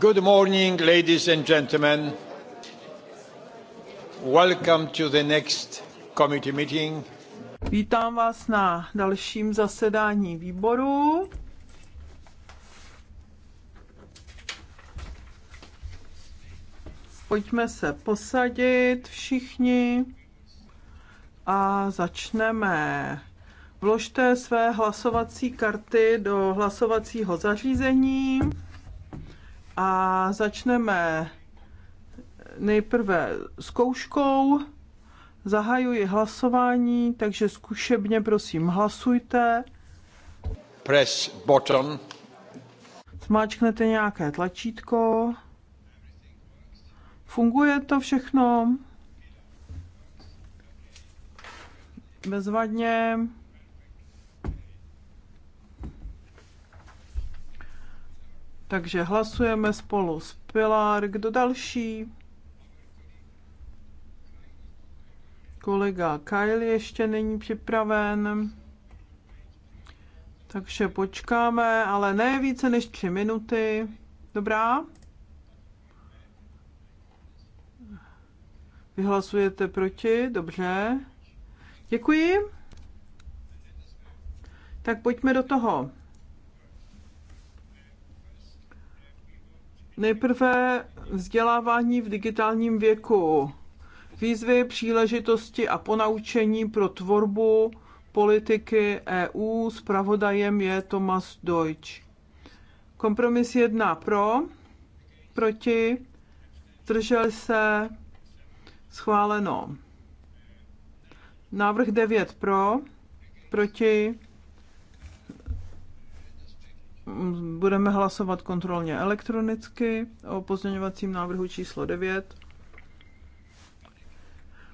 Good morning, ladies and gentlemen. Welcome to the next committee meeting. Vítám vás na dalším zasedání výboru. Pojďme se posadit všichni a začneme. Vložte své hlasovací karty do hlasovacího zařízení a začneme nejprve zkouškou. Zahajuji hlasování, takže zkušebně prosím hlasujte. Press button. Zmáčknete nějaké tlačítko. Funguje to všechno? Bezvadně. Takže hlasujeme spolu s Pilar. Kdo další? Kolega Kyle ještě není připraven. Takže počkáme, ale ne více než tři minuty. Dobrá? Vyhlasujete proti? Dobře. Děkuji. Tak pojďme do toho. Nejprve vzdělávání v digitálním věku. Výzvy, příležitosti a ponaučení pro tvorbu politiky EU. Spravodajem je Thomas Deutsch. Kompromis jedná pro, proti, držel se, schváleno. Návrh 9 pro, proti, budeme hlasovat kontrolně elektronicky o pozměňovacím návrhu číslo 9.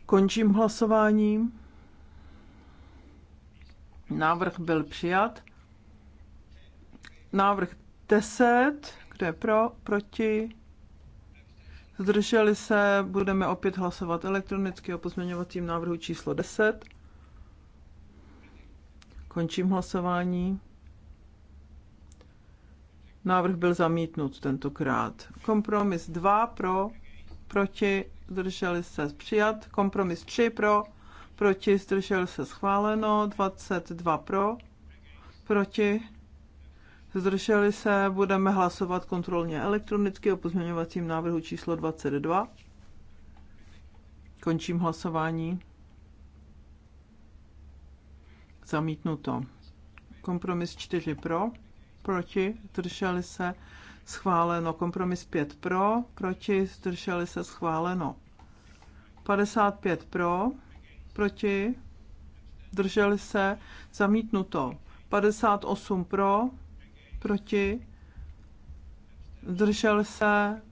Končím hlasování. Návrh byl přijat. Návrh 10, kde je pro, proti, zdrželi se, budeme opět hlasovat elektronicky o pozměňovacím návrhu číslo 10. Končím hlasování. Návrh byl zamítnut tentokrát. Kompromis 2 pro, proti, zdrželi se přijat. Kompromis 3 pro, proti, zdrželi se schváleno. 22 pro, proti, zdrželi se. Budeme hlasovat kontrolně elektronicky o pozměňovacím návrhu číslo 22. Končím hlasování. Zamítnuto. Kompromis 4 pro proti, zdrželi se, schváleno. Kompromis 5 pro, proti, zdrželi se, schváleno. 55 pro, proti, zdrželi se, zamítnuto. 58 pro, proti, zdržel se,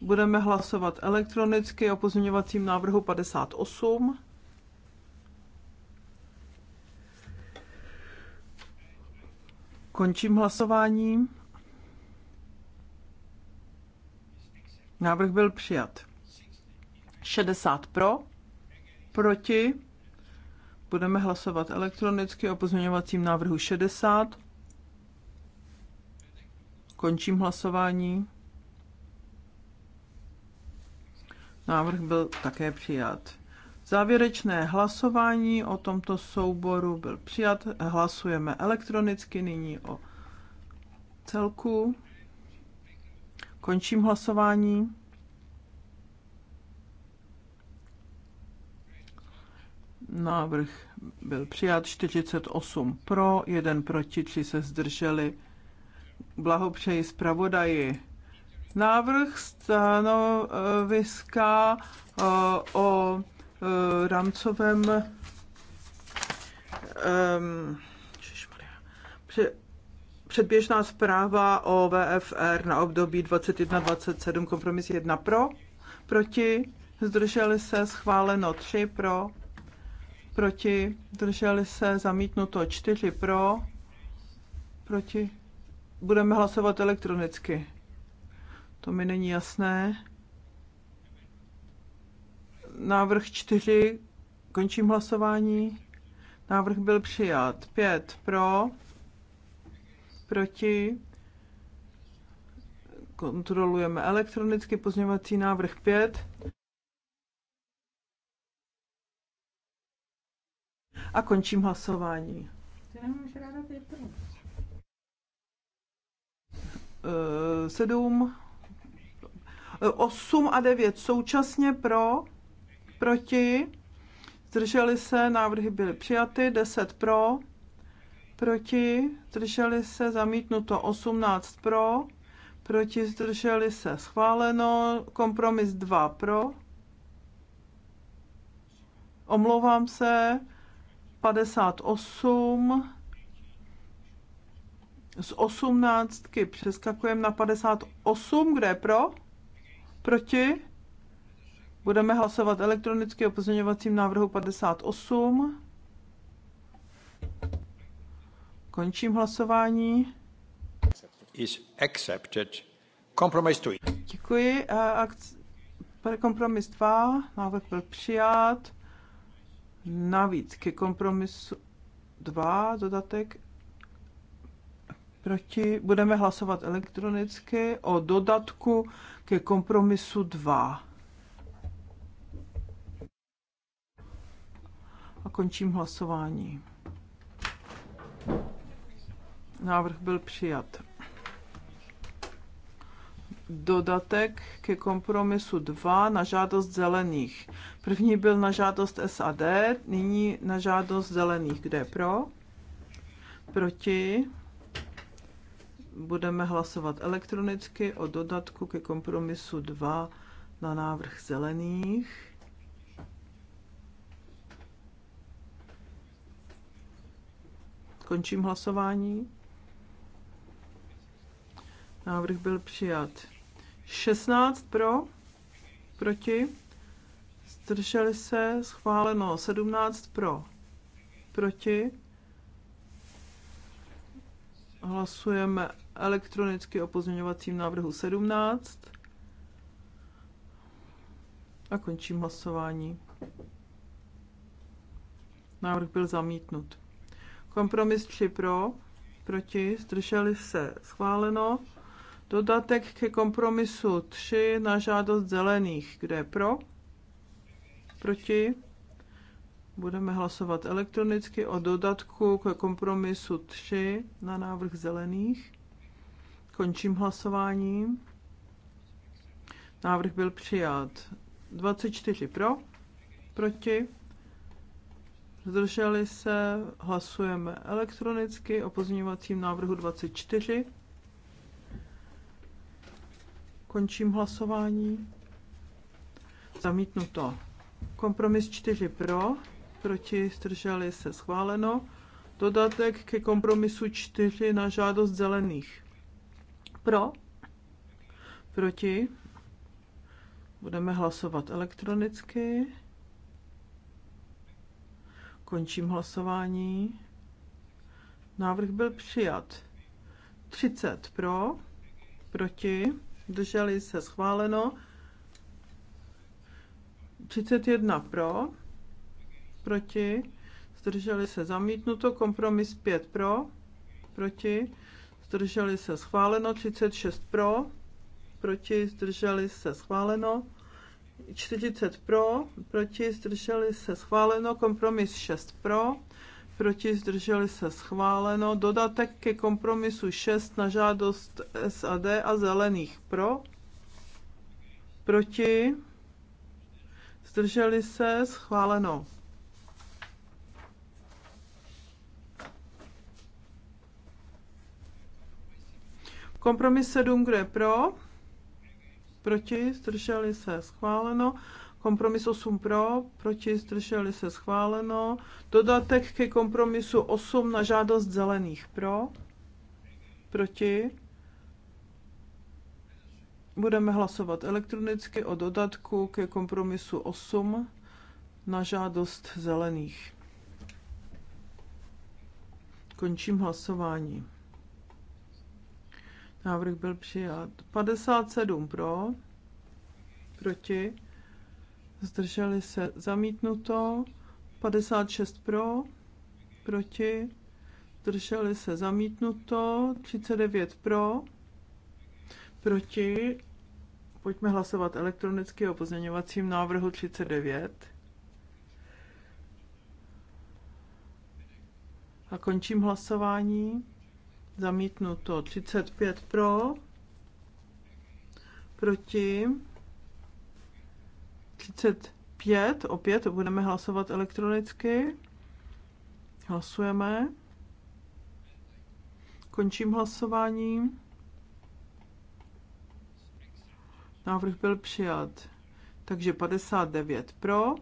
budeme hlasovat elektronicky o pozměňovacím návrhu 58. Končím hlasování. Návrh byl přijat. 60 pro, proti. Budeme hlasovat elektronicky o pozměňovacím návrhu 60. Končím hlasování. Návrh byl také přijat. Závěrečné hlasování o tomto souboru byl přijat. Hlasujeme elektronicky nyní o celku. Končím hlasování. Návrh byl přijat 48 pro, 1 proti, 3 se zdrželi. Blahopřeji zpravodaji. Návrh stanoviska eh, o Eh, rámcovém předběžná zpráva o VFR na období 21-27, kompromis 1 pro, proti, zdrželi se, schváleno 3 pro, proti, zdrželi se, zamítnuto 4 pro, proti, budeme hlasovat elektronicky. To mi není jasné. Návrh 4, končím hlasování. Návrh byl přijat. 5 pro, proti, kontrolujeme elektronicky pozměňovací návrh 5. A končím hlasování. Eh, sedm, osm a devět současně pro, proti, zdrželi se, návrhy byly přijaty, 10 pro, proti, zdrželi se, zamítnuto 18 pro, proti, zdrželi se, schváleno, kompromis 2 pro, omlouvám se, 58, z 18 přeskakujeme na 58, kde je pro, proti, Budeme hlasovat elektronicky o pozměňovacím návrhu 58. Končím hlasování. Is accepted. Compromise 2. Děkuji. Kompromis 2. Návrh byl přijat. Navíc ke kompromisu 2 dodatek proti. Budeme hlasovat elektronicky o dodatku ke kompromisu 2. a končím hlasování. Návrh byl přijat. Dodatek ke kompromisu 2 na žádost zelených. První byl na žádost SAD, nyní na žádost zelených. Kde je pro? Proti? Budeme hlasovat elektronicky o dodatku ke kompromisu 2 na návrh zelených. Končím hlasování. Návrh byl přijat. 16 pro, proti, zdrželi se, schváleno. 17 pro, proti. Hlasujeme elektronicky o pozměňovacím návrhu 17. A končím hlasování. Návrh byl zamítnut. Kompromis 3 pro, proti, zdrželi se, schváleno. Dodatek ke kompromisu 3 na žádost zelených, kde je pro, proti. Budeme hlasovat elektronicky o dodatku ke kompromisu 3 na návrh zelených. Končím hlasování. Návrh byl přijat 24 pro, proti zdrželi se, hlasujeme elektronicky o pozměňovacím návrhu 24. Končím hlasování. Zamítnuto. Kompromis 4 pro, proti zdrželi se schváleno. Dodatek ke kompromisu 4 na žádost zelených. Pro, proti, budeme hlasovat elektronicky. Končím hlasování. Návrh byl přijat. 30 pro, proti, drželi se schváleno. 31 pro, proti, zdrželi se zamítnuto, kompromis 5 pro, proti, zdrželi se schváleno, 36 pro, proti, zdrželi se schváleno. 40 pro, proti zdrželi se schváleno, kompromis 6 pro, proti zdrželi se schváleno, dodatek ke kompromisu 6 na žádost SAD a zelených pro, proti zdrželi se schváleno. Kompromis 7, kdo je pro? proti, zdrželi se, schváleno. Kompromis 8 pro, proti, zdrželi se, schváleno. Dodatek ke kompromisu 8 na žádost zelených pro, proti. Budeme hlasovat elektronicky o dodatku ke kompromisu 8 na žádost zelených. Končím hlasování. Návrh byl přijat. 57 pro, proti, zdrželi se zamítnuto. 56 pro, proti, zdrželi se zamítnuto. 39 pro, proti. Pojďme hlasovat elektronicky o pozměňovacím návrhu 39. A končím hlasování. Zamítnuto 35 pro, proti 35, opět budeme hlasovat elektronicky. Hlasujeme. Končím hlasování. Návrh byl přijat. Takže 59 pro,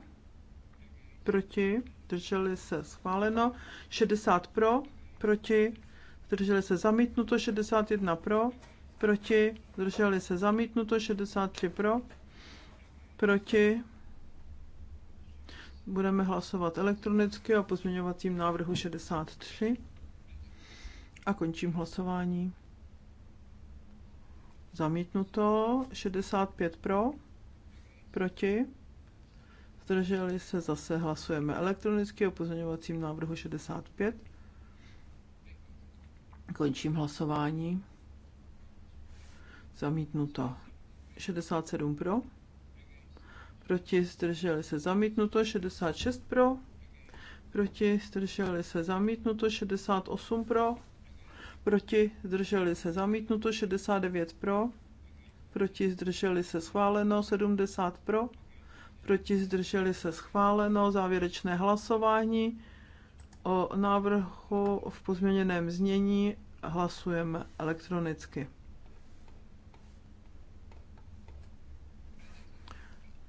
proti, drželi se schváleno, 60 pro, proti, zdrželi se zamítnuto 61 pro, proti, zdrželi se zamítnuto 63 pro, proti. Budeme hlasovat elektronicky o pozměňovacím návrhu 63 a končím hlasování. Zamítnuto 65 pro, proti. Zdrželi se zase hlasujeme elektronicky o pozměňovacím návrhu 65. Končím hlasování. Zamítnuto. 67 pro. Proti zdrželi se zamítnuto. 66 pro. Proti zdrželi se zamítnuto. 68 pro. Proti zdrželi se zamítnuto. 69 pro. Proti zdrželi se schváleno. 70 pro. Proti zdrželi se schváleno. Závěrečné hlasování. O návrhu v pozměněném znění hlasujeme elektronicky.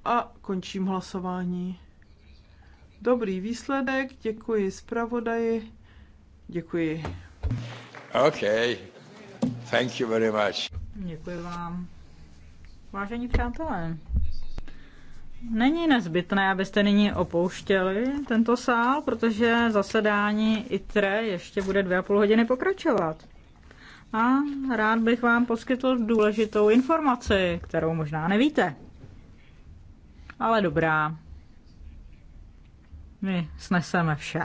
A končím hlasování. Dobrý výsledek, děkuji zpravodaji, děkuji. OK, thank you very much. Děkuji vám. Vážení přátelé, Není nezbytné, abyste nyní opouštěli tento sál, protože zasedání ITRE ještě bude dvě a půl hodiny pokračovat. A rád bych vám poskytl důležitou informaci, kterou možná nevíte. Ale dobrá. My sneseme vše.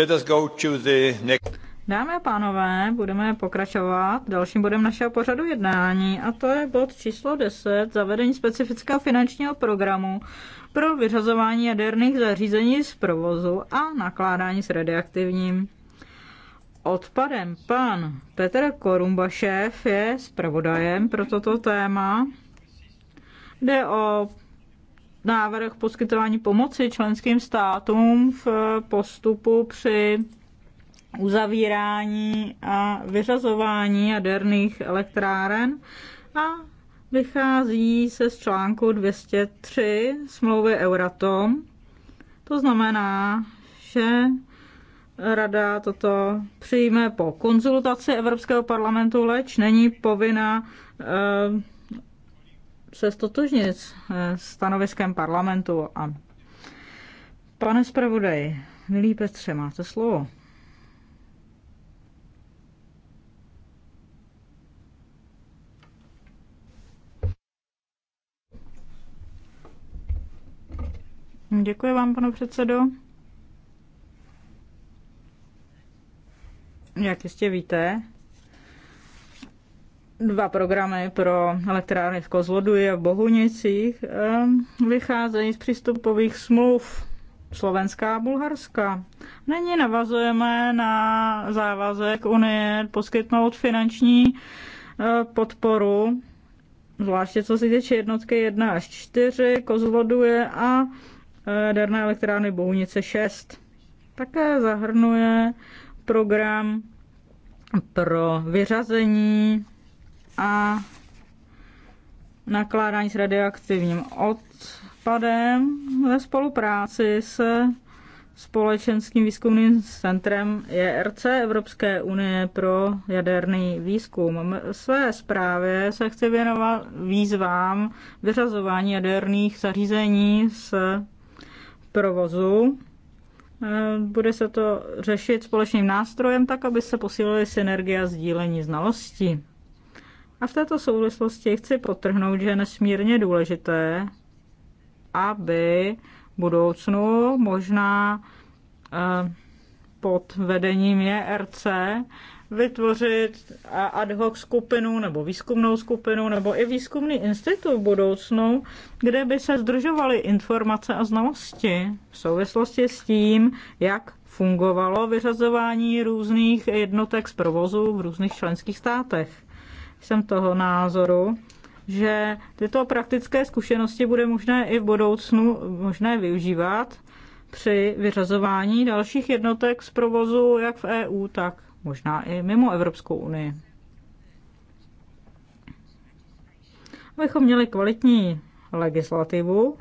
Let us go to the next... Dámy a pánové, budeme pokračovat dalším bodem našeho pořadu jednání a to je bod číslo 10, zavedení specifického finančního programu pro vyřazování jaderných zařízení z provozu a nakládání s radioaktivním odpadem. Pan Petr Korumbašev je zpravodajem pro toto téma. Jde o návrh poskytování pomoci členským státům v postupu při uzavírání a vyřazování jaderných elektráren a vychází se z článku 203 smlouvy Euratom. To znamená, že Rada toto přijme po konzultaci Evropského parlamentu, leč není povinna eh, se stotožnit s stanoviskem parlamentu. A pane zpravodaj, milý Petře, máte slovo. Děkuji vám, pane předsedo. Jak jistě víte, dva programy pro elektrárny v Kozloduji a v Bohunicích ehm, vycházejí z přístupových smluv Slovenská a Bulharská. Není navazujeme na závazek Unie poskytnout finanční eh, podporu, zvláště co se týče jednotky 1 až 4, Kozloduje jako a eh, Derné elektrárny Bohunice 6. Také zahrnuje program pro vyřazení a nakládání s radioaktivním odpadem ve spolupráci s Společenským výzkumným centrem ERC Evropské unie pro jaderný výzkum. V své zprávě se chci věnovat výzvám vyřazování jaderných zařízení z provozu. E, bude se to řešit společným nástrojem tak, aby se posílily synergie a sdílení znalostí. A v této souvislosti chci potrhnout, že je nesmírně důležité, aby v budoucnu možná eh, pod vedením JRC vytvořit ad hoc skupinu nebo výzkumnou skupinu nebo i výzkumný institut v budoucnu, kde by se združovaly informace a znalosti v souvislosti s tím, jak fungovalo vyřazování různých jednotek z provozu v různých členských státech jsem toho názoru, že tyto praktické zkušenosti bude možné i v budoucnu možné využívat při vyřazování dalších jednotek z provozu jak v EU, tak možná i mimo Evropskou unii. Abychom měli kvalitní legislativu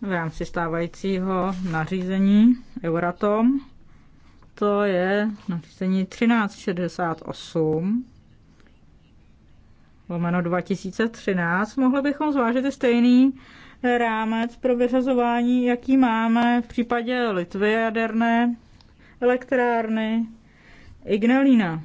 v rámci stávajícího nařízení Euratom, to je nařízení 1368 lomeno 2013, mohli bychom zvážit i stejný eh, rámec pro vyřazování, jaký máme v případě Litvy jaderné elektrárny Ignalina.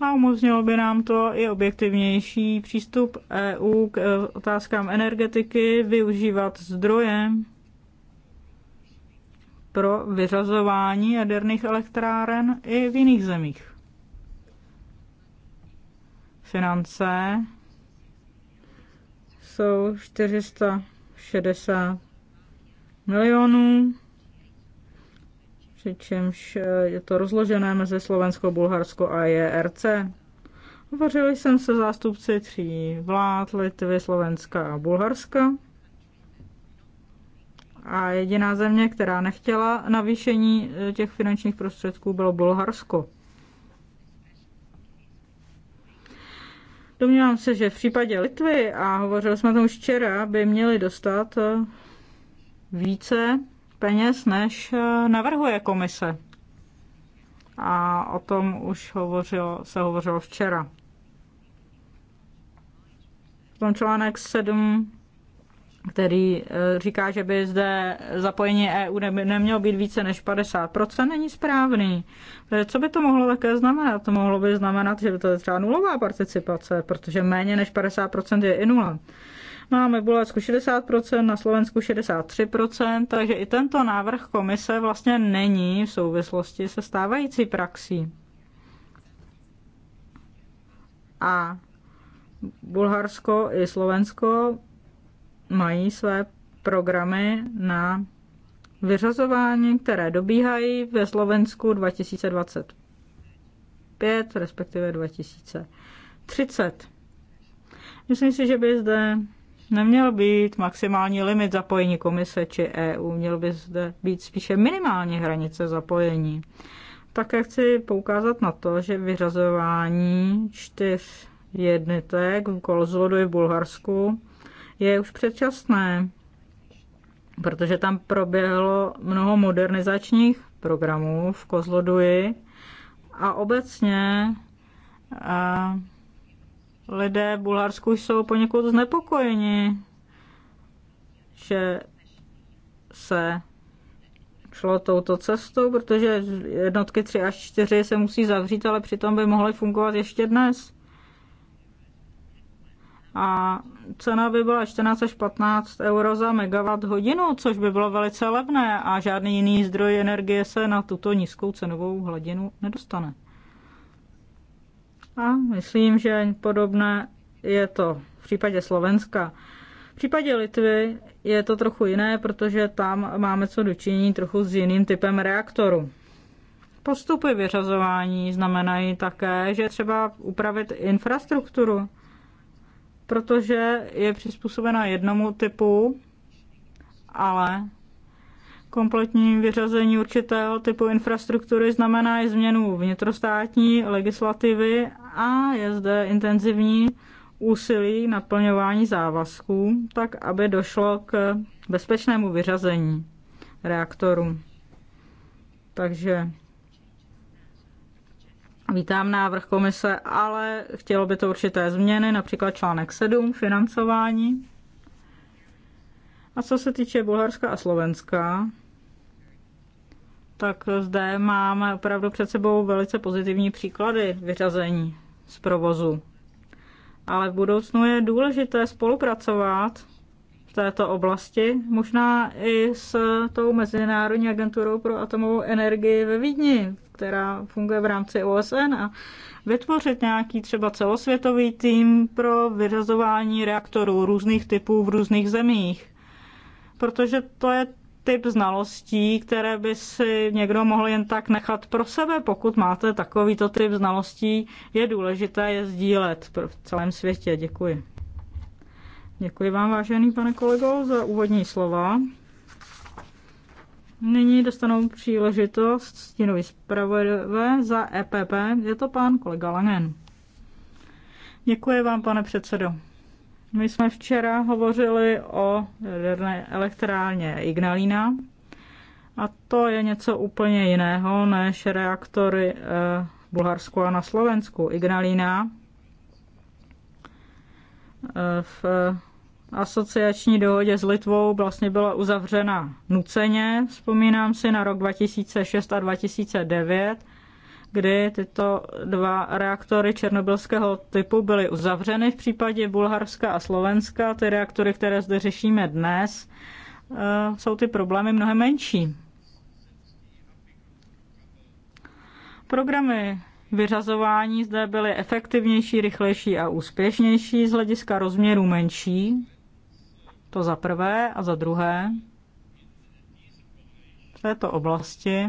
A umožnilo by nám to i objektivnější přístup EU k eh, otázkám energetiky, využívat zdroje pro vyřazování jaderných elektráren i v jiných zemích finance jsou 460 milionů, přičemž eh, je to rozložené mezi Slovensko, Bulharsko a JRC. Hovořili jsem se zástupci tří vlád Litvy, Slovenska a Bulharska. A jediná země, která nechtěla navýšení eh, těch finančních prostředků, bylo Bulharsko. Domnívám se, že v případě Litvy, a hovořili jsme o tom už včera, by měli dostat eh, více peněz, než eh, navrhuje komise. A o tom už hovořilo, se hovořilo včera. tom článek 7 který eh, říká, že by zde zapojení EU nemělo být více než 50%, není správný. Co by to mohlo také znamenat? To mohlo by znamenat, že by to je třeba nulová participace, protože méně než 50% je i nula. Máme v Bulharsku 60%, na Slovensku 63%, takže i tento návrh komise vlastně není v souvislosti se stávající praxí. A Bulharsko i Slovensko mají své programy na vyřazování, které dobíhají ve Slovensku 2025, respektive 2030. Myslím si, že by zde neměl být maximální limit zapojení komise či EU, měl by zde být spíše minimální hranice zapojení. Také chci poukázat na to, že vyřazování čtyř jednotek v Kolzodu v Bulharsku je už předčasné, protože tam proběhlo mnoho modernizačních programů v Kozloduji a obecně a lidé v Bulharsku jsou poněkud znepokojeni, že se šlo touto cestou, protože jednotky 3 až 4 se musí zavřít, ale přitom by mohly fungovat ještě dnes a cena by byla 14 až 15 euro za megawatt hodinu, což by bylo velice levné a žádný jiný zdroj energie se na tuto nízkou cenovou hladinu nedostane. A myslím, že podobné je to v případě Slovenska. V případě Litvy je to trochu jiné, protože tam máme co dočinění trochu s jiným typem reaktoru. Postupy vyřazování znamenají také, že třeba upravit infrastrukturu protože je přizpůsobena jednomu typu, ale kompletní vyřazení určitého typu infrastruktury znamená i změnu vnitrostátní legislativy a je zde intenzivní úsilí naplňování závazků, tak aby došlo k bezpečnému vyřazení reaktoru. Takže Vítám návrh komise, ale chtělo by to určité změny, například článek 7, financování. A co se týče Bulharska a Slovenska, tak zde máme opravdu před sebou velice pozitivní příklady vyřazení z provozu. Ale v budoucnu je důležité spolupracovat této oblasti, možná i s tou Mezinárodní agenturou pro atomovou energii ve Vídni, která funguje v rámci OSN a vytvořit nějaký třeba celosvětový tým pro vyřazování reaktorů různých typů v různých zemích. Protože to je typ znalostí, které by si někdo mohl jen tak nechat pro sebe. Pokud máte takovýto typ znalostí, je důležité je sdílet v celém světě. Děkuji. Děkuji vám, vážený pane kolego, za úvodní slova. Nyní dostanou příležitost stínový zpravodajové za EPP. Je to pan kolega Langen. Děkuji vám, pane předsedo. My jsme včera hovořili o jaderné elektrárně Ignalina a to je něco úplně jiného než reaktory eh, v Bulharsku a na Slovensku. Ignalina v asociační dohodě s Litvou vlastně byla uzavřena nuceně, vzpomínám si na rok 2006 a 2009, kdy tyto dva reaktory černobylského typu byly uzavřeny v případě Bulharska a Slovenska. Ty reaktory, které zde řešíme dnes, eh, jsou ty problémy mnohem menší. Programy vyřazování zde byly efektivnější, rychlejší a úspěšnější z hlediska rozměru menší. To za prvé a za druhé. V této oblasti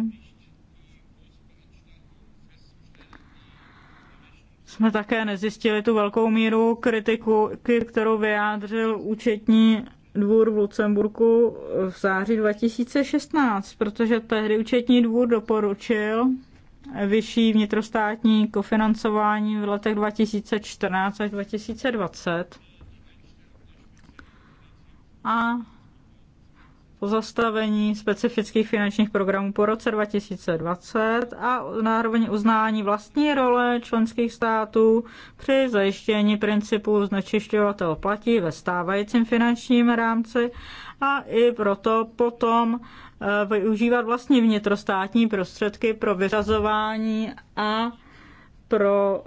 jsme také nezjistili tu velkou míru kritiku, kterou vyjádřil účetní dvůr v Lucemburku v září 2016, protože tehdy účetní dvůr doporučil, vyšší vnitrostátní kofinancování v letech 2014 až 2020. A pozastavení specifických finančních programů po roce 2020 a zároveň uznání vlastní role členských států při zajištění principu znečišťovatel platí ve stávajícím finančním rámci a i proto potom Eh, využívat vlastně vnitrostátní prostředky pro vyřazování a pro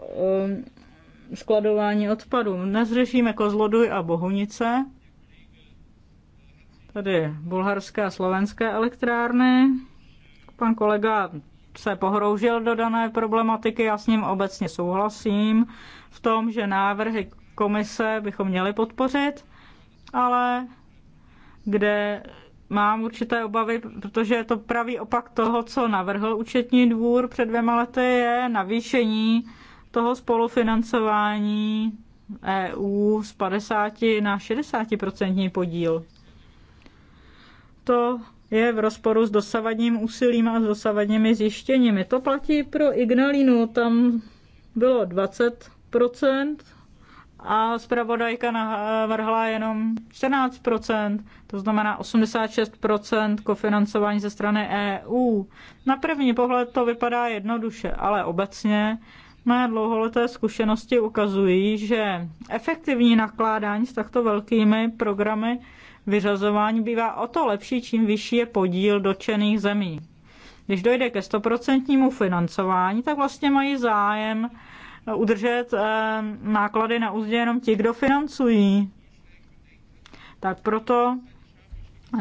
eh, skladování odpadů. Dnes řešíme Kozloduj a Bohunice, tady bulharské a slovenské elektrárny. Pan kolega se pohroužil do dané problematiky, já s ním obecně souhlasím v tom, že návrhy komise bychom měli podpořit, ale kde mám určité obavy, protože je to pravý opak toho, co navrhl účetní dvůr před dvěma lety, je navýšení toho spolufinancování EU z 50 na 60 podíl. To je v rozporu s dosavadním úsilím a s dosavadními zjištěními. To platí pro Ignalinu, tam bylo 20 a zpravodajka navrhla jenom 14%, to znamená 86% kofinancování ze strany EU. Na první pohled to vypadá jednoduše, ale obecně mé dlouholeté zkušenosti ukazují, že efektivní nakládání s takto velkými programy vyřazování bývá o to lepší, čím vyšší je podíl dočených zemí. Když dojde ke 100 financování, tak vlastně mají zájem udržet eh, náklady na úzdě jenom ti, kdo financují. Tak proto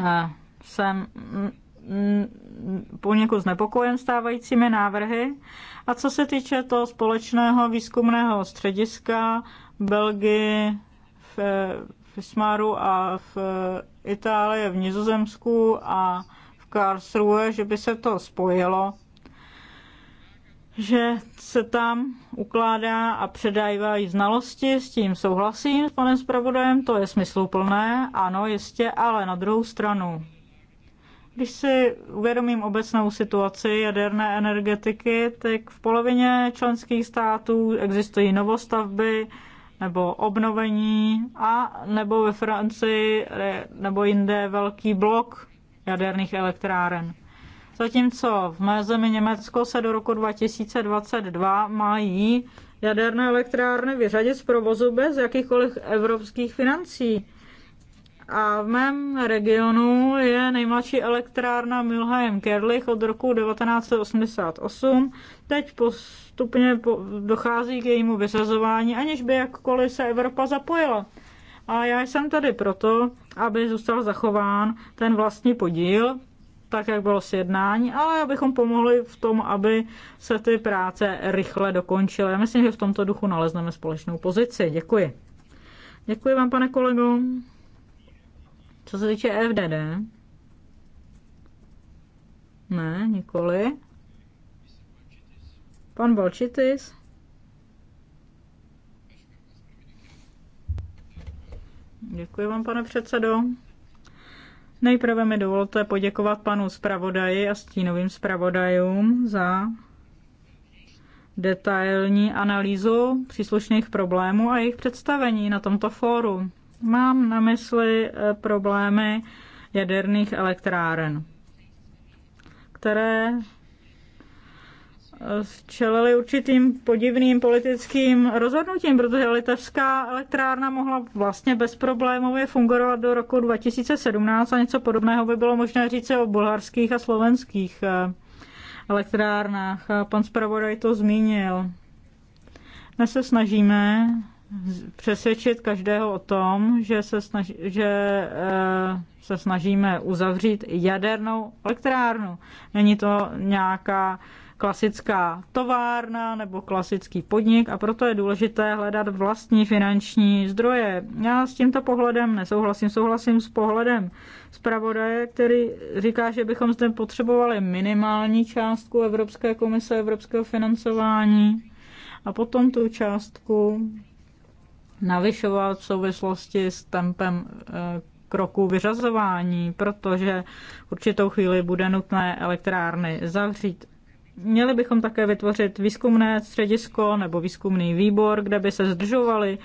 eh, jsem mm, poněkud znepokojen stávajícími návrhy. A co se týče toho společného výzkumného střediska Belgii, v, Fismaru Smaru a v Itálii, v Nizozemsku a v Karlsruhe, že by se to spojilo, že se tam ukládá a předávají znalosti, s tím souhlasím s panem zpravodajem, to je smysluplné, ano, jistě, ale na druhou stranu, když si uvědomím obecnou situaci jaderné energetiky, tak v polovině členských států existují novostavby nebo obnovení a nebo ve Francii nebo jinde velký blok jaderných elektráren. Zatímco v mé zemi Německo se do roku 2022 mají jaderné elektrárny vyřadit z provozu bez jakýchkoliv evropských financí. A v mém regionu je nejmladší elektrárna Milheim Kerlich od roku 1988. Teď postupně dochází k jejímu vyřazování, aniž by jakkoliv se Evropa zapojila. A já jsem tady proto, aby zůstal zachován ten vlastní podíl tak, jak bylo sjednání, ale abychom pomohli v tom, aby se ty práce rychle dokončily. Já myslím, že v tomto duchu nalezneme společnou pozici. Děkuji. Děkuji vám, pane kolego. Co se týče FDD? Ne, nikoli. Pan Balčitis? Děkuji vám, pane předsedo. Nejprve mi dovolte poděkovat panu zpravodaji a stínovým zpravodajům za detailní analýzu příslušných problémů a jejich představení na tomto fóru. Mám na mysli eh, problémy jaderných elektráren, které čelili určitým podivným politickým rozhodnutím, protože litevská elektrárna mohla vlastně bezproblémově fungovat do roku 2017 a něco podobného by bylo možné říct o bulharských a slovenských eh, elektrárnách. Pan zpravodaj to zmínil. My se snažíme přesvědčit každého o tom, že se, snaží, že, eh, se snažíme uzavřít jadernou elektrárnu. Není to nějaká klasická továrna nebo klasický podnik a proto je důležité hledat vlastní finanční zdroje. Já s tímto pohledem nesouhlasím, souhlasím s pohledem zpravodaje, který říká, že bychom zde potřebovali minimální částku Evropské komise, evropského financování a potom tu částku navyšovat v souvislosti s tempem eh, kroku vyřazování, protože v určitou chvíli bude nutné elektrárny zavřít. Měli bychom také vytvořit výzkumné středisko nebo výzkumný výbor, kde by se zdržovaly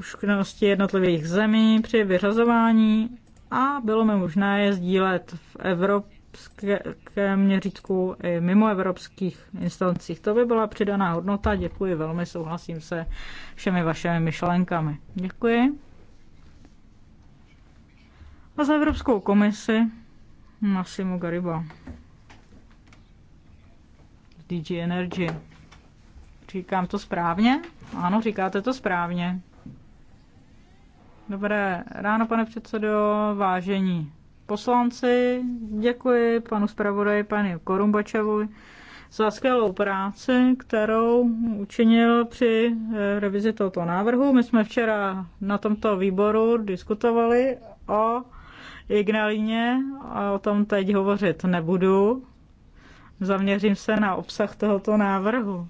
zkušenosti jednotlivých zemí při vyřazování a bylo mi možné je sdílet v evropském měřítku i mimo evropských instancích. To by byla přidaná hodnota. Děkuji velmi, souhlasím se všemi vašimi myšlenkami. Děkuji. A za Evropskou komisi Massimo Gariba. DG Energy. Říkám to správně? Ano, říkáte to správně. Dobré ráno, pane předsedo, vážení poslanci. Děkuji panu zpravodaji, panu Korumbačevovi za skvělou práci, kterou učinil při eh, revizi tohoto návrhu. My jsme včera na tomto výboru diskutovali o Ignalíně a o tom teď hovořit nebudu. Zaměřím se na obsah tohoto návrhu.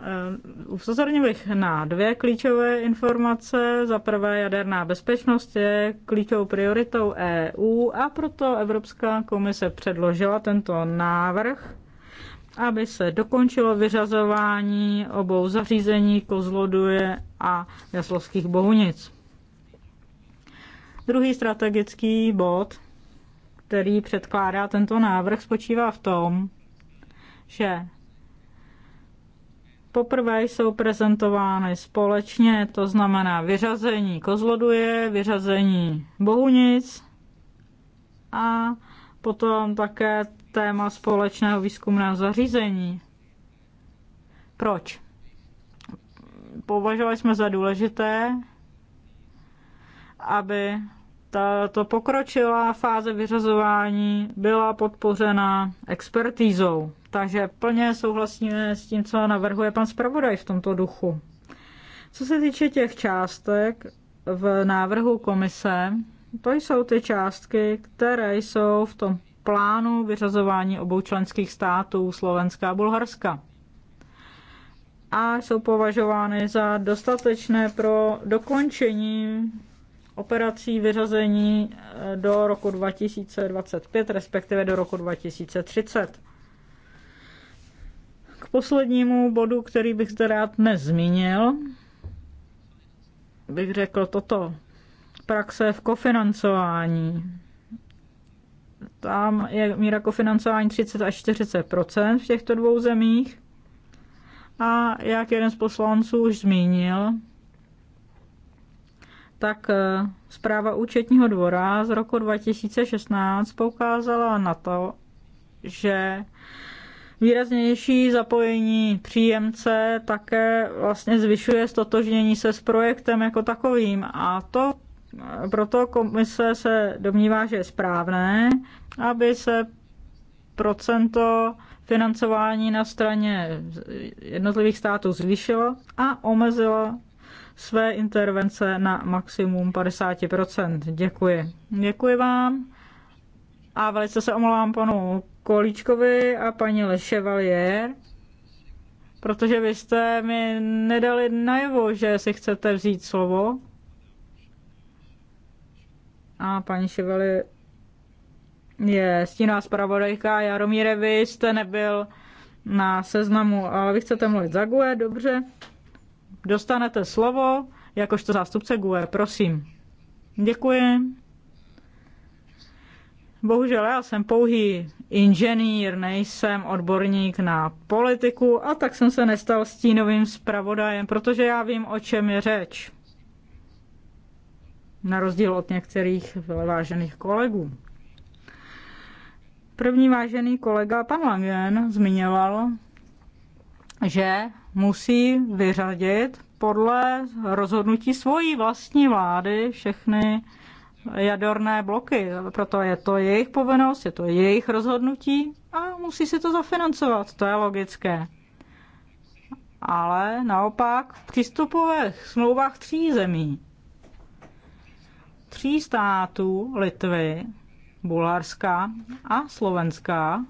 Eh, upozornil bych na dvě klíčové informace. Za prvé, jaderná bezpečnost je klíčovou prioritou EU a proto Evropská komise předložila tento návrh, aby se dokončilo vyřazování obou zařízení Kozloduje a Jaslovských Bohunic. Druhý strategický bod, který předkládá tento návrh, spočívá v tom, že poprvé jsou prezentovány společně, to znamená vyřazení Kozloduje, vyřazení Bohunic a potom také téma společného výzkumného zařízení. Proč? Považovali jsme za důležité, aby tato pokročilá fáze vyřazování byla podpořena expertízou. Takže plně souhlasíme s tím, co navrhuje pan zpravodaj v tomto duchu. Co se týče těch částek v návrhu komise, to jsou ty částky, které jsou v tom plánu vyřazování obou členských států Slovenska a Bulharska. A jsou považovány za dostatečné pro dokončení operací vyřazení eh, do roku 2025, respektive do roku 2030. K poslednímu bodu, který bych zde rád dnes zmínil, bych řekl toto. Praxe v kofinancování. Tam je míra kofinancování 30 až 40 v těchto dvou zemích. A jak jeden z poslanců už zmínil, tak eh, zpráva účetního dvora z roku 2016 poukázala na to, že výraznější zapojení příjemce také vlastně zvyšuje stotožnění se s projektem jako takovým a to eh, proto komise se domnívá, že je správné, aby se procento financování na straně jednotlivých států zvýšilo a omezilo své intervence na maximum 50%. Děkuji. Děkuji vám a velice se omlouvám panu Kolíčkovi a paní Leševalier, protože vy jste mi nedali najevo, že si chcete vzít slovo. A paní Ševali je stíná zpravodajka Jaromíre, vy jste nebyl na seznamu, ale vy chcete mluvit za GUE, dobře. Dostanete slovo jakožto zástupce GUE, prosím. Děkuji. Bohužel já jsem pouhý inženýr, nejsem odborník na politiku a tak jsem se nestal stínovým zpravodajem, protože já vím, o čem je řeč. Na rozdíl od některých vážených kolegů. První vážený kolega, pan Langen, zmiňoval že musí vyřadit podle rozhodnutí svojí vlastní vlády všechny jaderné bloky. Proto je to jejich povinnost, je to jejich rozhodnutí a musí si to zafinancovat. To je logické. Ale naopak v přístupových smlouvách tří zemí, tří států Litvy, Bulharska a Slovenska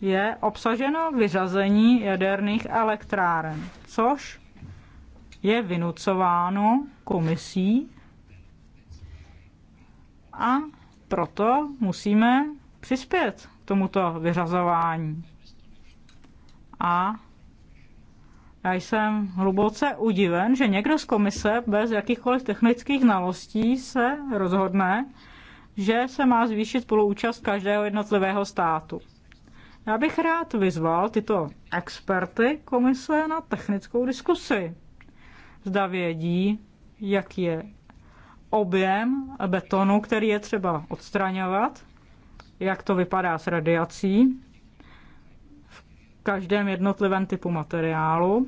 je obsaženo vyřazení jaderných elektráren, což je vynucováno komisí a proto musíme přispět k tomuto vyřazování. A já jsem hluboce udiven, že někdo z komise bez jakýchkoliv technických znalostí se rozhodne, že se má zvýšit spoluúčast každého jednotlivého státu. Já bych rád vyzval tyto experty komise na technickou diskusi. Zda vědí, jak je objem betonu, který je třeba odstraňovat, jak to vypadá s radiací v každém jednotlivém typu materiálu,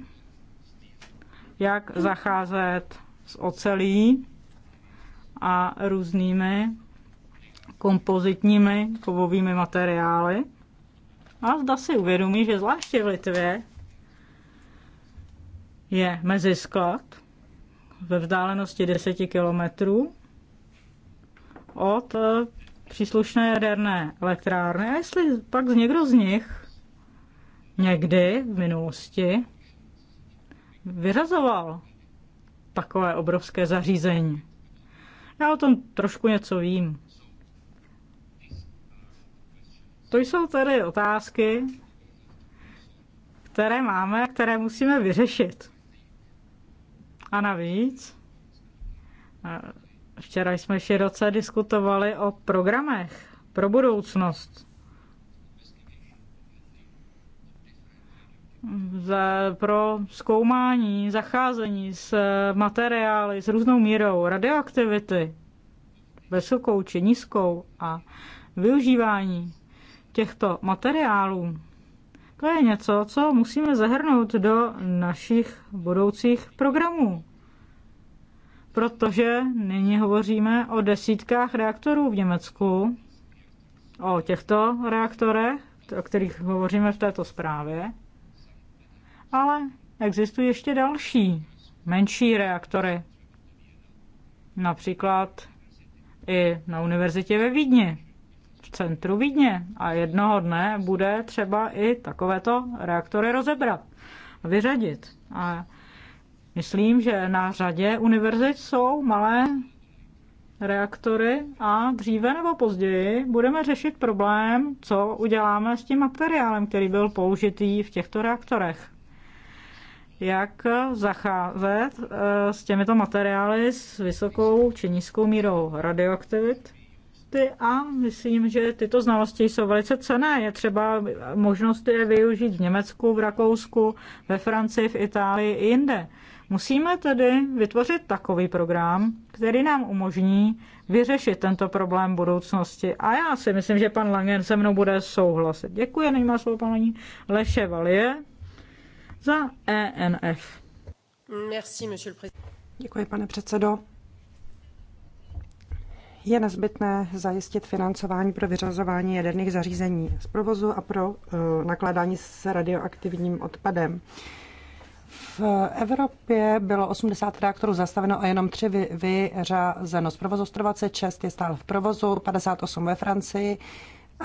jak zacházet s ocelí a různými kompozitními kovovými materiály. A zda si uvědomí, že zvláště v Litvě je mezisklad ve vzdálenosti 10 kilometrů od eh, příslušné jaderné elektrárny. A jestli pak někdo z nich někdy v minulosti vyřazoval takové obrovské zařízení. Já o tom trošku něco vím. To jsou tedy otázky, které máme které musíme vyřešit. A navíc, včera jsme široce diskutovali o programech pro budoucnost. Za, pro zkoumání, zacházení s materiály s různou mírou radioaktivity, vysokou či nízkou a využívání těchto materiálů, to je něco, co musíme zahrnout do našich budoucích programů. Protože nyní hovoříme o desítkách reaktorů v Německu, o těchto reaktorech, o kterých hovoříme v této zprávě, ale existují ještě další menší reaktory, například i na univerzitě ve Vídni centru Vídně a jednoho dne bude třeba i takovéto reaktory rozebrat, vyřadit. A myslím, že na řadě univerzit jsou malé reaktory a dříve nebo později budeme řešit problém, co uděláme s tím materiálem, který byl použitý v těchto reaktorech. Jak zacházet eh, s těmito materiály s vysokou či nízkou mírou radioaktivit znalosti a myslím, že tyto znalosti jsou velice cené. Je třeba možnost je využít v Německu, v Rakousku, ve Francii, v Itálii i jinde. Musíme tedy vytvořit takový program, který nám umožní vyřešit tento problém budoucnosti. A já si myslím, že pan Langen se mnou bude souhlasit. Děkuji, nyní má slovo paní Leše Valie za ENF. Merci, Děkuji, pane předsedo je nezbytné zajistit financování pro vyřazování jaderných zařízení z provozu a pro eh, nakládání s radioaktivním odpadem. V Evropě bylo 80 reaktorů zastaveno a jenom 3 vy, vyřazeno z provozu. 126 je stále v provozu, 58 ve Francii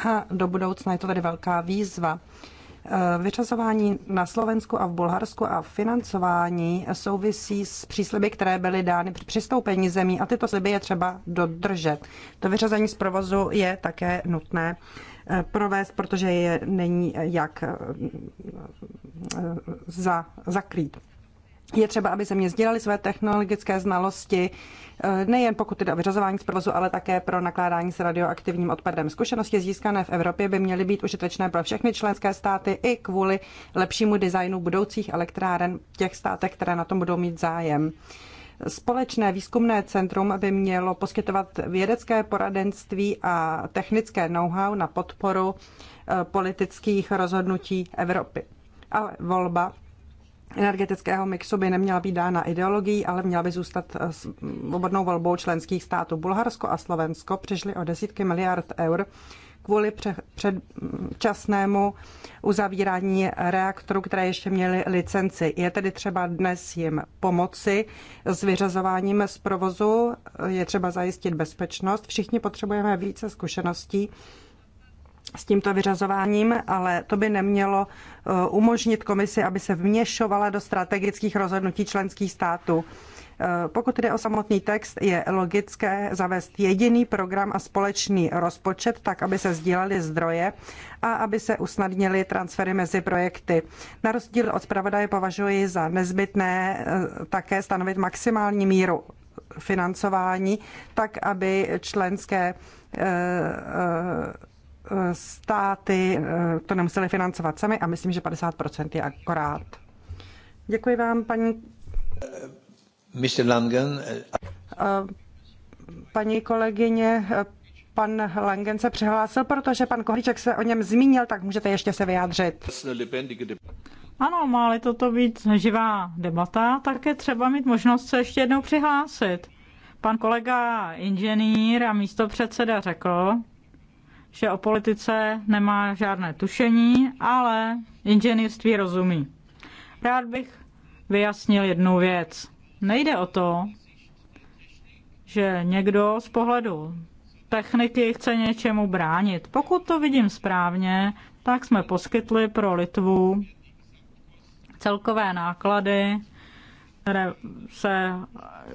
a do budoucna je to tedy velká výzva. Eh, Vyčasování na Slovensku a v Bulharsku a financování souvisí s přísliby, které byly dány při přistoupení zemí a tyto sliby je třeba dodržet. To vyřazení z provozu je také nutné eh, provést, protože je není jak eh, za, zakrýt. Je třeba, aby země sdělali své technologické znalosti, eh, nejen pokud jde o vyřazování z provozu, ale také pro nakládání s radioaktivním odpadem. Zkušenosti získané v Evropě by měly být užitečné pro všechny členské státy i kvůli lepšímu designu budoucích elektráren v těch státech, které na tom budou mít zájem. Společné výzkumné centrum by mělo poskytovat vědecké poradenství a technické know-how na podporu eh, politických rozhodnutí Evropy. Ale volba energetického mixu by neměla být dána ideologií, ale měla by zůstat eh, svobodnou volbou členských států. Bulharsko a Slovensko přišly o desítky miliard eur kvůli předčasnému uzavírání reaktorů, které ještě měly licenci. Je tedy třeba dnes jim pomoci s vyřazováním z provozu, je třeba zajistit bezpečnost. Všichni potřebujeme více zkušeností s tímto vyřazováním, ale to by nemělo eh, umožnit komisi, aby se vměšovala do strategických rozhodnutí členských států. Eh, pokud jde o samotný text, je logické zavést jediný program a společný rozpočet, tak aby se sdílely zdroje a aby se usnadnily transfery mezi projekty. Na rozdíl od zpravodaje považuji za nezbytné eh, také stanovit maximální míru financování, tak aby členské státy eh, to nemuseli financovat sami a myslím, že 50% je akorát. Děkuji vám, paní... Eh, Mr. Langen. Eh, paní kolegyně, pan Langen se přihlásil, protože pan Kohlíček se o něm zmínil, tak můžete ještě se vyjádřit. Ano, má-li toto být živá debata, tak je třeba mít možnost se ještě jednou přihlásit. Pan kolega inženýr a místo předseda řekl, že o politice nemá žádné tušení, ale inženýrství rozumí. Rád bych vyjasnil jednu věc. Nejde o to, že někdo z pohledu techniky chce něčemu bránit. Pokud to vidím správně, tak jsme poskytli pro Litvu celkové náklady, které se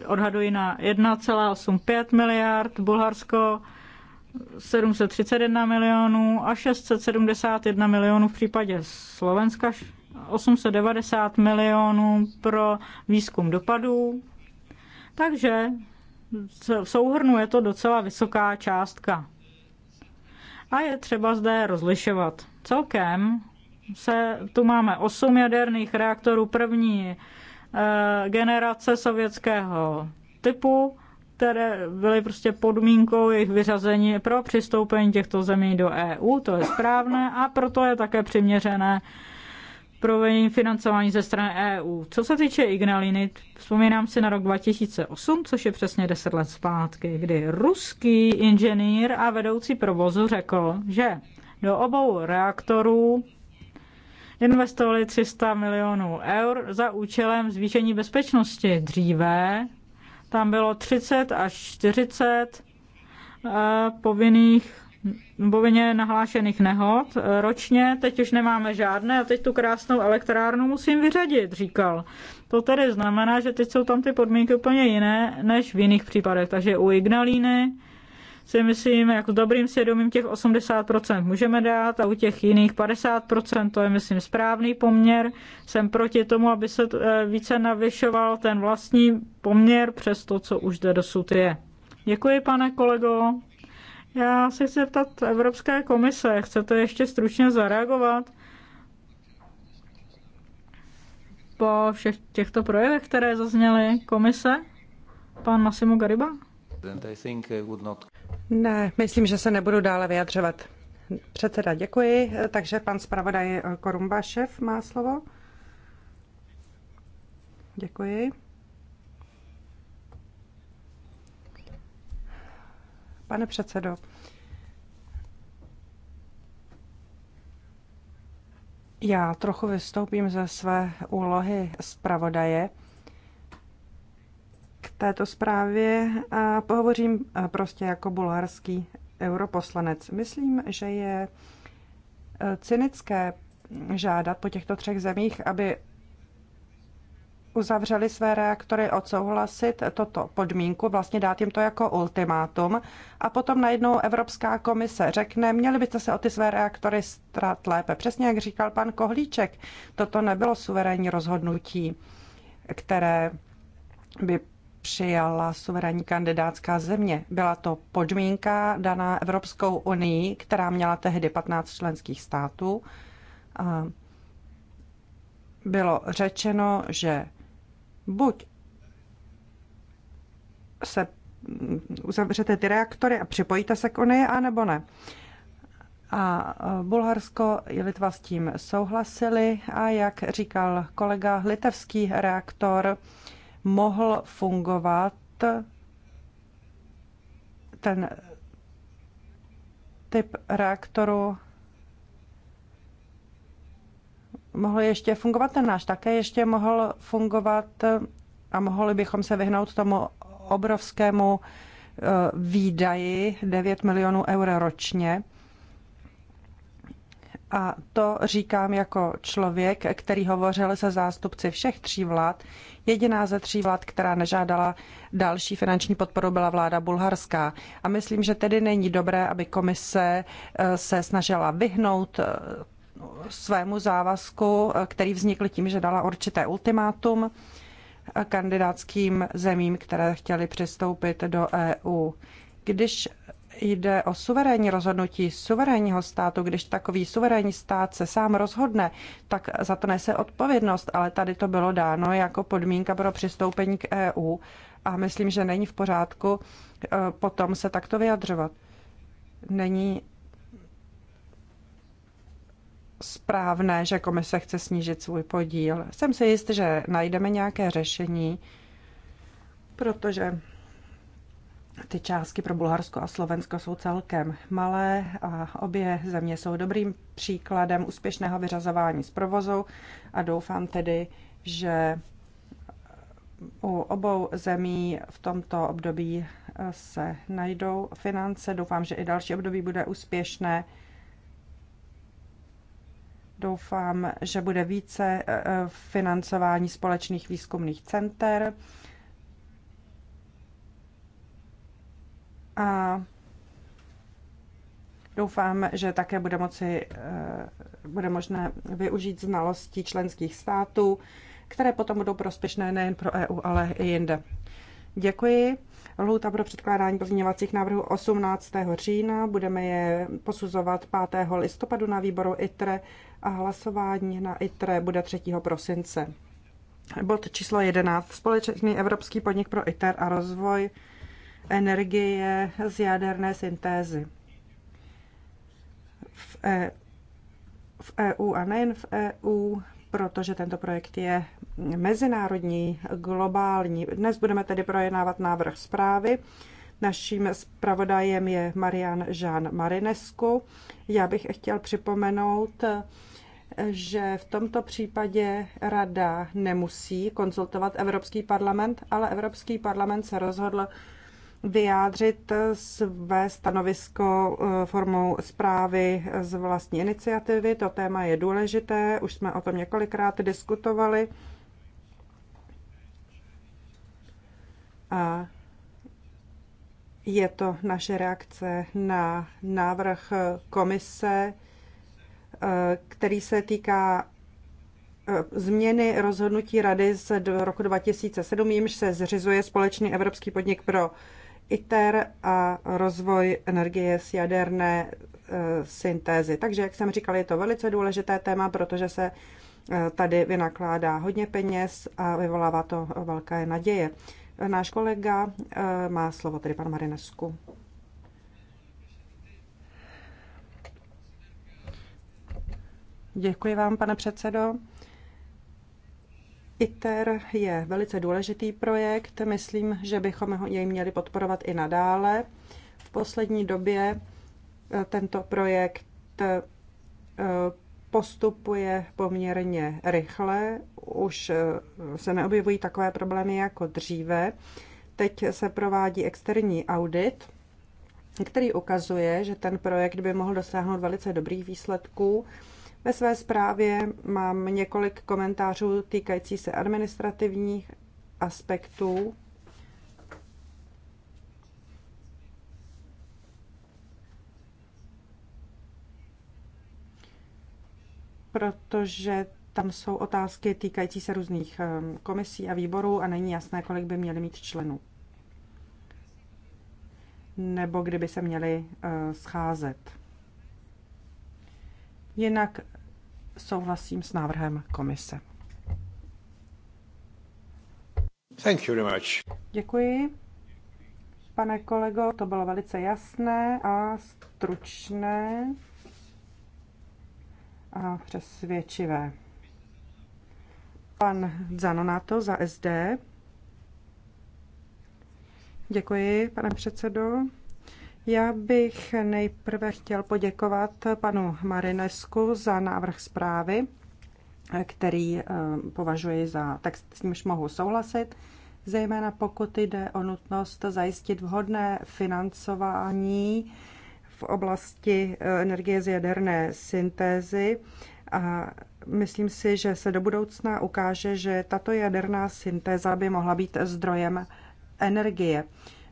odhadují na 1,85 miliard, Bulharsko 731 milionů a 671 milionů v případě Slovenska, 890 milionů pro výzkum dopadů. Takže v souhrnu je to docela vysoká částka. A je třeba zde rozlišovat. Celkem se, tu máme 8 jaderných reaktorů první e, generace sovětského typu, které byly prostě podmínkou jejich vyřazení pro přistoupení těchto zemí do EU, to je správné a proto je také přiměřené provedení financování ze strany EU. Co se týče Ignaliny, vzpomínám si na rok 2008, což je přesně 10 let zpátky, kdy ruský inženýr a vedoucí provozu řekl, že do obou reaktorů investovali 300 milionů eur za účelem zvýšení bezpečnosti. Dříve tam bylo 30 až 40 eh, povinných povinně nahlášených nehod eh, ročně, teď už nemáme žádné a teď tu krásnou elektrárnu musím vyřadit, říkal. To tedy znamená, že teď jsou tam ty podmínky úplně jiné než v jiných případech. Takže u Ignalíny si myslím, jako dobrým svědomím těch 80% můžeme dát a u těch jiných 50% to je, myslím, správný poměr. Jsem proti tomu, aby se eh, více navyšoval ten vlastní poměr přes to, co už zde dosud je. Děkuji, pane kolego. Já se chci zeptat Evropské komise, chcete ještě stručně zareagovat? Po všech těchto projevech, které zazněly komise, pan Massimo Gariba? Ne, myslím, že se nebudu dále vyjadřovat. Předseda, děkuji. Takže pan zpravodaj Korumbašev má slovo. Děkuji. Pane předsedo, já trochu vystoupím ze své úlohy zpravodaje této zprávě a pohovořím eh, prostě jako bulharský europoslanec. Myslím, že je eh, cynické mm, žádat po těchto třech zemích, aby uzavřeli své reaktory, odsouhlasit toto podmínku, vlastně dát jim to jako ultimátum. A potom najednou Evropská komise řekne, měli byste se o ty své reaktory strat lépe. Přesně jak říkal pan Kohlíček, toto nebylo suverénní rozhodnutí, které by přijala suverénní kandidátská země. Byla to podmínka daná Evropskou unii, která měla tehdy 15 členských států. A bylo řečeno, že buď se mm, uzavřete ty reaktory a připojíte se k Unii, anebo ne. A e, Bulharsko i Litva s tím souhlasili a jak říkal kolega, litevský reaktor mohl fungovat ten typ reaktoru mohl ještě fungovat ten náš, také ještě mohl fungovat a mohli bychom se vyhnout tomu obrovskému eh, výdaji 9 milionů eur ročně. A to říkám jako člověk, který hovořil se zástupci všech tří vlád. Jediná ze tří vlád, která nežádala další finanční podporu, byla vláda bulharská. A myslím, že tedy není dobré, aby komise eh, se snažila vyhnout eh, svému závazku, eh, který vznikl tím, že dala určité ultimátum kandidátským zemím, které chtěly přistoupit do EU. Když jde o suverénní rozhodnutí suverénního státu. Když takový suverénní stát se sám rozhodne, tak za to nese odpovědnost, ale tady to bylo dáno jako podmínka pro přistoupení k EU a myslím, že není v pořádku e, potom se takto vyjadřovat. Není správné, že komise chce snížit svůj podíl. Jsem si jist, že najdeme nějaké řešení, protože ty částky pro Bulharsko a Slovensko jsou celkem malé a obě země jsou dobrým příkladem úspěšného vyřazování z provozu a doufám tedy, že u obou zemí v tomto období eh, se najdou finance. Doufám, že i další období bude úspěšné. Doufám, že bude více eh, eh, financování společných výzkumných center. a doufám, že také bude, moci, eh, bude možné využít znalostí členských států, které potom budou prospěšné nejen pro EU, ale i jinde. Děkuji. Lhůta pro předkládání pozměňovacích návrhů 18. října. Budeme je posuzovat 5. listopadu na výboru ITRE a hlasování na ITRE bude 3. prosince. Bod číslo 11. Společný evropský podnik pro ITER a rozvoj energie z jaderné syntézy. V, e, v EU a nejen v EU, protože tento projekt je mezinárodní, globální. Dnes budeme tedy projednávat návrh zprávy. Naším zpravodajem je Marian Jean Marinescu. Já bych chtěl připomenout, že v tomto případě rada nemusí konzultovat Evropský parlament, ale Evropský parlament se rozhodl vyjádřit své stanovisko eh, formou zprávy z vlastní iniciativy. To téma je důležité, už jsme o tom několikrát diskutovali. A je to naše reakce na návrh komise, eh, který se týká eh, změny rozhodnutí Rady z roku 2007, jimž se zřizuje společný evropský podnik pro ITER a rozvoj energie z jaderné e, syntézy. Takže, jak jsem říkal, je to velice důležité téma, protože se e, tady vynakládá hodně peněz a vyvolává to velké naděje. Náš kolega e, má slovo, tedy pan Marinesku. Děkuji vám, pane předsedo. ITER je velice důležitý projekt, myslím, že bychom jej měli podporovat i nadále. V poslední době e, tento projekt e, postupuje poměrně rychle, už e, se neobjevují takové problémy jako dříve. Teď se provádí externí audit, který ukazuje, že ten projekt by mohl dosáhnout velice dobrých výsledků ve své zprávě mám několik komentářů týkající se administrativních aspektů. Protože tam jsou otázky týkající se různých ehm, komisí a výborů a není jasné, kolik by měli mít členů. Nebo kdyby se měli eh, scházet. Jinak souhlasím s návrhem komise. Thank you very much. Děkuji. Pane kolego, to bylo velice jasné a stručné a přesvědčivé. Pan Zanonato za SD. Děkuji, pane předsedo. Já bych nejprve chtěl poděkovat panu Marinesku za návrh zprávy, který eh, považuji za text, s nímž mohu souhlasit, zejména pokud jde o nutnost zajistit vhodné financování v oblasti eh, energie z jaderné syntézy. A myslím si, že se do budoucna ukáže, že tato jaderná syntéza by mohla být zdrojem energie.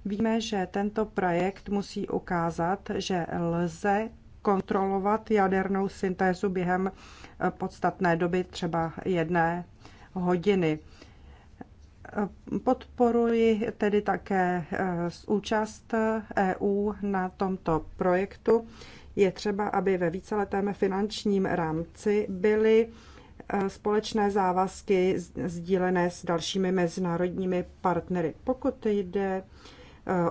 Víme, že tento projekt musí ukázat, že lze kontrolovat jadernou syntézu během eh, podstatné doby, třeba jedné hodiny. Eh, podporuji tedy také eh, účast EU e na tomto projektu. Je třeba, aby ve víceletém finančním rámci byly společné závazky sdílené s dalšími mezinárodními partnery. Pokud jde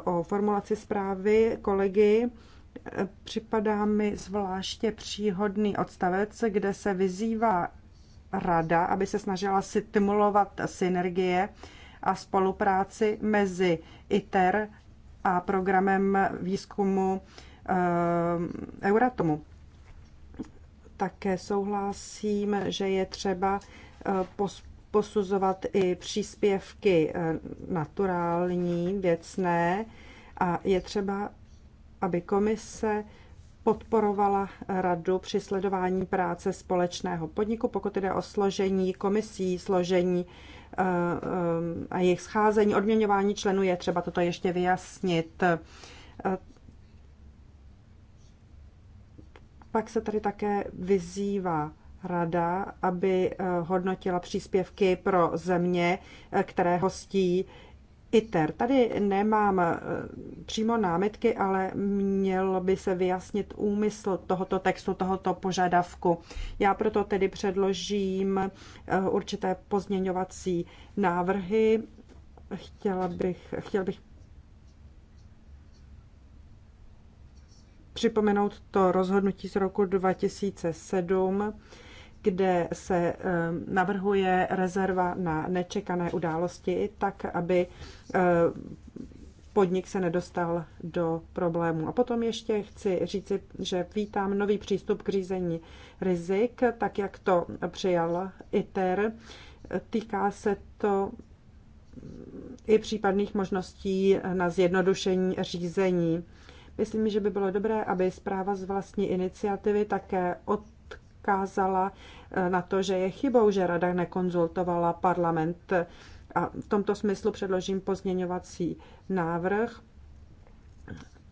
o formulaci zprávy kolegy. Eh, připadá mi zvláště příhodný odstavec, kde se vyzývá rada, aby se snažila stimulovat synergie a spolupráci mezi ITER a programem výzkumu eh, Euratomu. Také souhlasím, že je třeba eh, posuzovat i příspěvky eh, naturální, věcné a je třeba, aby komise podporovala radu při sledování práce společného podniku, pokud jde o složení komisí, složení eh, eh, a jejich scházení, odměňování členů, je třeba toto ještě vyjasnit. Pak se tady také vyzývá rada, aby eh, hodnotila příspěvky pro země, eh, které hostí ITER. Tady nemám eh, přímo námitky, ale mělo by se vyjasnit úmysl tohoto textu, tohoto požadavku. Já proto tedy předložím určité pozměňovací návrhy. Chtěla bych, chtěl bych připomenout to rozhodnutí z roku 2007, kde se eh, navrhuje rezerva na nečekané události, tak aby eh, podnik se nedostal do problémů. A potom ještě chci říci, že vítám nový přístup k řízení rizik, tak jak to přijal ITER. Týká se to i případných možností na zjednodušení řízení. Myslím, že by bylo dobré, aby zpráva z vlastní iniciativy také odkázala Eh, na to, že je chybou, že rada nekonzultovala parlament. A v tomto smyslu předložím pozměňovací návrh.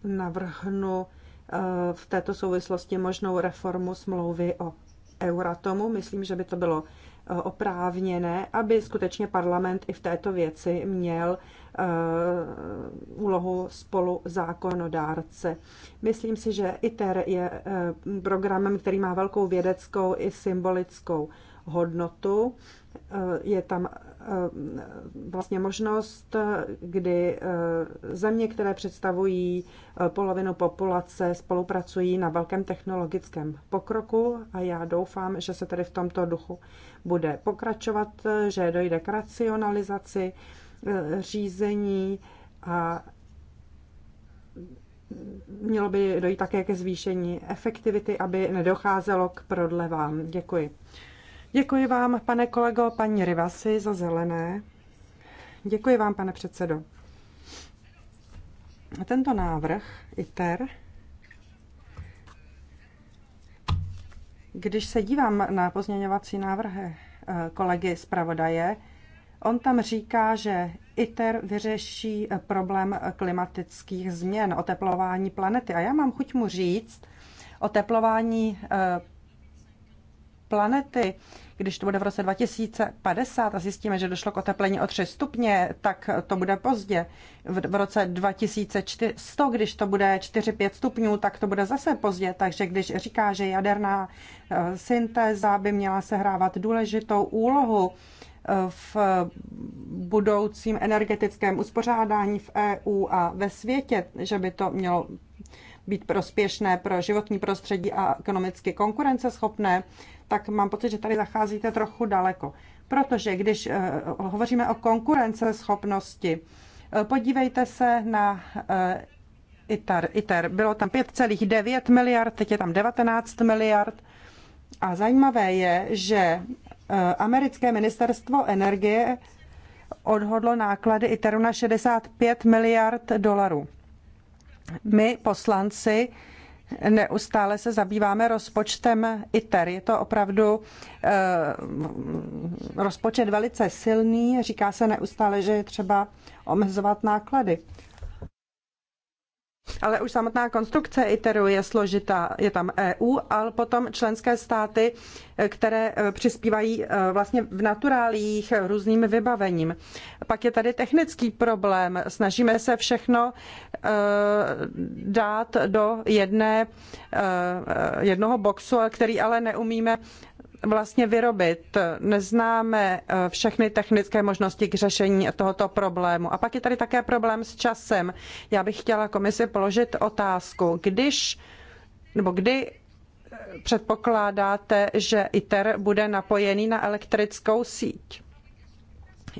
Navrhnu eh, v této souvislosti možnou reformu smlouvy o Euratomu. Myslím, že by to bylo eh, oprávněné, aby skutečně parlament i v této věci měl eh, úlohu spolu zákonodárce. Myslím si, že ITER je eh, programem, který má velkou vědeckou i symbolickou hodnotu. Je tam Eh, vlastně možnost, kdy eh, země, které představují eh, polovinu populace, spolupracují na velkém technologickém pokroku a já doufám, že se tedy v tomto duchu bude pokračovat, že dojde k racionalizaci řízení a mělo by dojít také ke zvýšení efektivity, aby nedocházelo k prodlevám. Děkuji. Děkuji vám, pane kolego, paní Rivasi za zelené. Děkuji vám, pane předsedo. Tento návrh ITER, když se dívám na pozměňovací návrhy eh, kolegy zpravodaje, on tam říká, že ITER vyřeší eh, problém klimatických změn, oteplování planety. A já mám chuť mu říct, oteplování eh, planety když to bude v roce 2050 a zjistíme, že došlo k oteplení o 3 stupně, tak to bude pozdě. V roce 2100, když to bude 4-5 stupňů, tak to bude zase pozdě. Takže když říká, že jaderná eh, syntéza by měla sehrávat důležitou úlohu, eh, v budoucím energetickém uspořádání v EU a ve světě, že by to mělo být prospěšné pro životní prostředí a ekonomicky konkurenceschopné, tak mám pocit, že tady zacházíte trochu daleko. Protože když eh, hovoříme o konkurenceschopnosti, eh, podívejte se na eh, ITER. ITER. Bylo tam 5,9 miliard, teď je tam 19 miliard. A zajímavé je, že americké ministerstvo energie odhodlo náklady ITERu na 65 miliard dolarů. My, poslanci, neustále se zabýváme rozpočtem ITER. Je to opravdu eh, rozpočet velice silný, říká se neustále, že je třeba omezovat náklady. Ale už samotná konstrukce ITERu je složitá. Je tam EU, ale potom členské státy, které e, přispívají e, vlastně v naturálích různým vybavením. Pak je tady technický problém. Snažíme se všechno e, dát do jedné, jednoho boxu, který ale neumíme vlastně vyrobit. Neznáme eh, všechny technické možnosti k řešení tohoto problému. A pak je tady také problém s časem. Já bych chtěla komisi položit otázku, když nebo kdy eh, předpokládáte, že ITER bude napojený na elektrickou síť.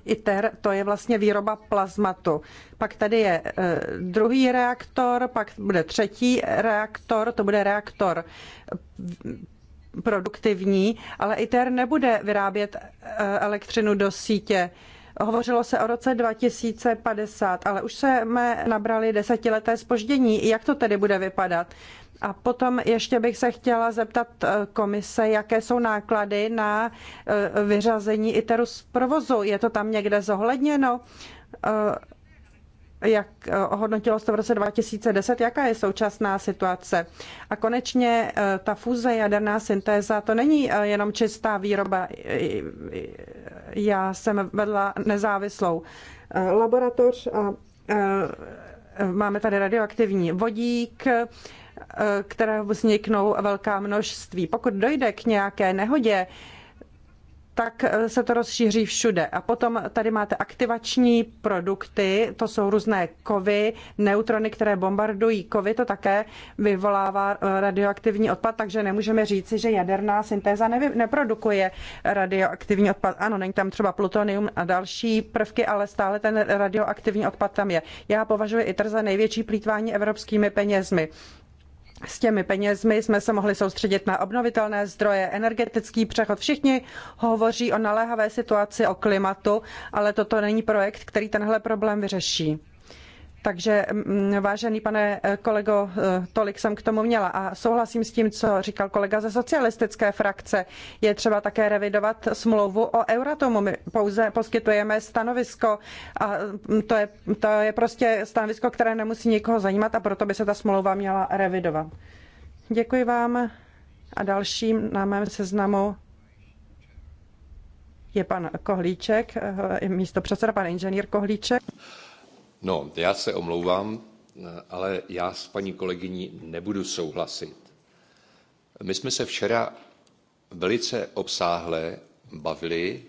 ITER, to je vlastně výroba plazmatu. Pak tady je eh, druhý reaktor, pak bude třetí reaktor, to bude reaktor produktivní, ale ITER nebude vyrábět eh, elektřinu do sítě. Hovořilo se o roce 2050, ale už jsme nabrali desetileté spoždění. Jak to tedy bude vypadat? A potom ještě bych se chtěla zeptat eh, komise, jaké jsou náklady na eh, vyřazení ITERu z provozu. Je to tam někde zohledněno? jak eh, ohodnotilo se v roce 2010, jaká je současná situace. A konečně eh, ta fúze, jaderná syntéza, to není eh, jenom čistá výroba. Já jsem vedla nezávislou laboratoř a máme tady radioaktivní vodík, které vzniknou velká množství. Pokud dojde k nějaké nehodě, tak eh, se to rozšíří všude. A potom tady máte aktivační produkty, to jsou různé kovy, neutrony, které bombardují kovy, to také vyvolává eh, radioaktivní odpad, takže nemůžeme říci, že jaderná syntéza nevy, neprodukuje radioaktivní odpad. Ano, není tam třeba plutonium a další prvky, ale stále ten radioaktivní odpad tam je. Já považuji ITER za největší plítvání evropskými penězmi s těmi penězmi jsme se mohli soustředit na obnovitelné zdroje, energetický přechod. Všichni hovoří o naléhavé situaci, o klimatu, ale toto není projekt, který tenhle problém vyřeší. Takže mm, vážený pane eh, kolego, eh, tolik jsem k tomu měla a souhlasím s tím, co říkal kolega ze socialistické frakce. Je třeba také revidovat smlouvu o Euratomu. My pouze poskytujeme stanovisko a mm, to je, to je prostě stanovisko, které nemusí nikoho zajímat a proto by se ta smlouva měla revidovat. Děkuji vám a dalším na mém seznamu je pan Kohlíček, eh, místo předseda, pan inženýr Kohlíček. No, já se omlouvám, ale já s paní kolegyní nebudu souhlasit. My jsme se včera velice obsáhle bavili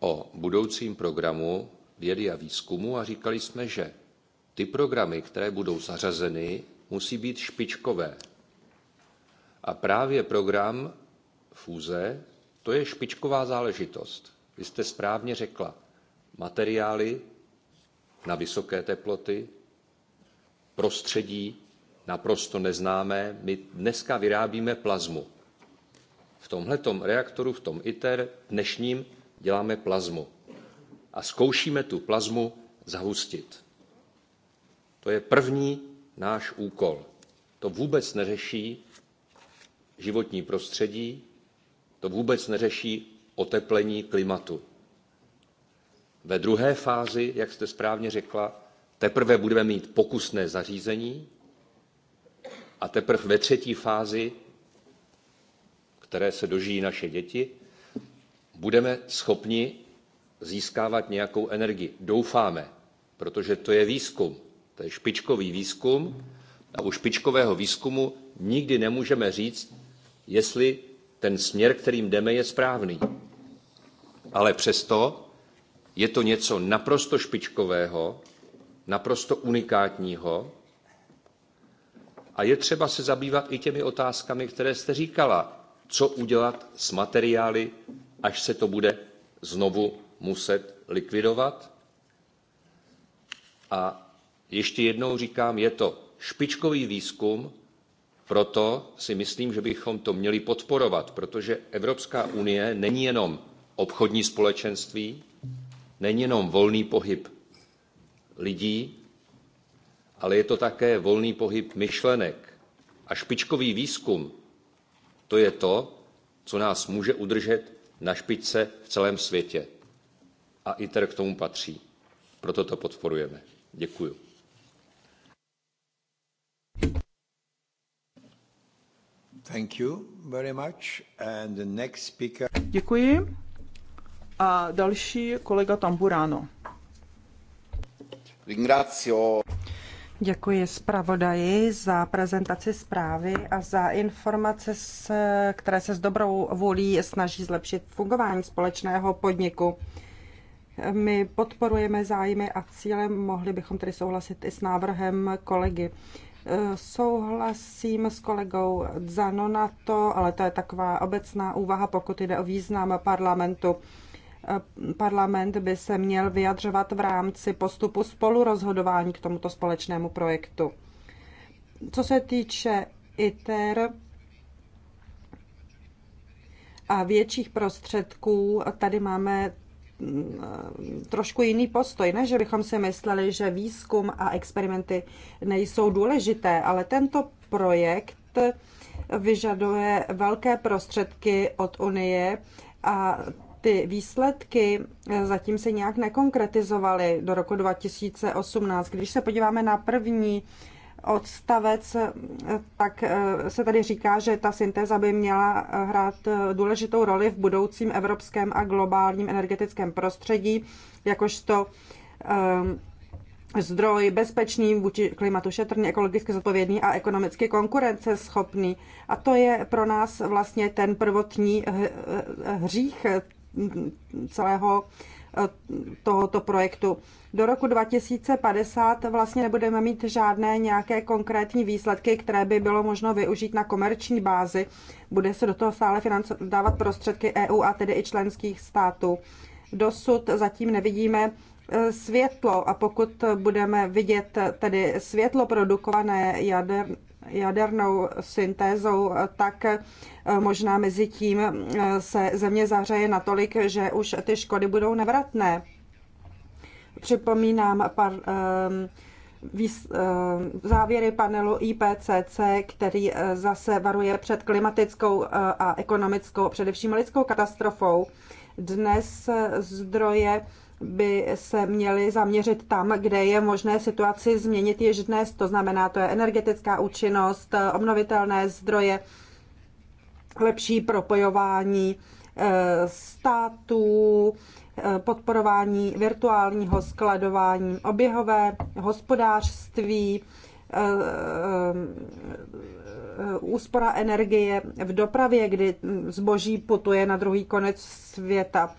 o budoucím programu vědy a výzkumu a říkali jsme, že ty programy, které budou zařazeny, musí být špičkové. A právě program fúze, to je špičková záležitost. Vy jste správně řekla. Materiály na vysoké teploty, prostředí naprosto neznámé. My dneska vyrábíme plazmu. V tomhle reaktoru, v tom ITER dnešním, děláme plazmu. A zkoušíme tu plazmu zahustit. To je první náš úkol. To vůbec neřeší životní prostředí, to vůbec neřeší oteplení klimatu. Ve druhé fázi, jak jste správně řekla, teprve budeme mít pokusné zařízení a teprve ve třetí fázi, které se dožijí naše děti, budeme schopni získávat nějakou energii. Doufáme, protože to je výzkum. To je špičkový výzkum a u špičkového výzkumu nikdy nemůžeme říct, jestli ten směr, kterým jdeme, je správný. Ale přesto je to něco naprosto špičkového, naprosto unikátního a je třeba se zabývat i těmi otázkami, které jste říkala. Co udělat s materiály, až se to bude znovu muset likvidovat? A ještě jednou říkám, je to špičkový výzkum, proto si myslím, že bychom to měli podporovat, protože Evropská unie není jenom obchodní společenství, není jenom volný pohyb lidí, ale je to také volný pohyb myšlenek. A špičkový výzkum, to je to, co nás může udržet na špičce v celém světě. A ITER k tomu patří. Proto to podporujeme. Děkuju. Thank you very much. And the next speaker... Děkuji a další kolega Tamburano. Ringrazio. Děkuji zpravodaji za prezentaci zprávy a za informace, které se s dobrou vůlí snaží zlepšit fungování společného podniku. My podporujeme zájmy a cíle, mohli bychom tedy souhlasit i s návrhem kolegy. Souhlasím s kolegou Zanonato, ale to je taková obecná úvaha, pokud jde o význam parlamentu parlament by se měl vyjadřovat v rámci postupu spolurozhodování k tomuto společnému projektu. Co se týče ITER a větších prostředků, tady máme mm, trošku jiný postoj. Ne, že bychom si mysleli, že výzkum a experimenty nejsou důležité, ale tento projekt vyžaduje velké prostředky od Unie a ty výsledky eh, zatím se nějak nekonkretizovaly do roku 2018. Když se podíváme na první odstavec, eh, tak eh, se tady říká, že ta syntéza by měla hrát důležitou roli v budoucím evropském a globálním energetickém prostředí, jakožto zdroj bezpečný, vůči klimatu šetrný, ekologicky zodpovědný a ekonomicky konkurenceschopný. A to je pro nás vlastně ten prvotní hřích celého eh, tohoto projektu. Do roku 2050 vlastně nebudeme mít žádné nějaké konkrétní výsledky, které by bylo možno využít na komerční bázi. Bude se do toho stále dávat prostředky EU a tedy i členských států. Dosud zatím nevidíme eh, světlo a pokud budeme vidět tedy světlo produkované jader, jadernou syntézou, tak eh, možná mezi tím eh, se země zahřeje natolik, že už ty škody budou nevratné. Připomínám par, eh, výs, závěry panelu IPCC, který zase varuje před klimatickou a ekonomickou, především lidskou katastrofou. Dnes zdroje by se měly zaměřit tam, kde je možné situaci změnit již dnes. To znamená, to je energetická účinnost, obnovitelné zdroje, lepší propojování eh, států, eh, podporování virtuálního skladování, oběhové hospodářství, eh, úspora energie v dopravě, kdy zboží putuje na druhý konec světa.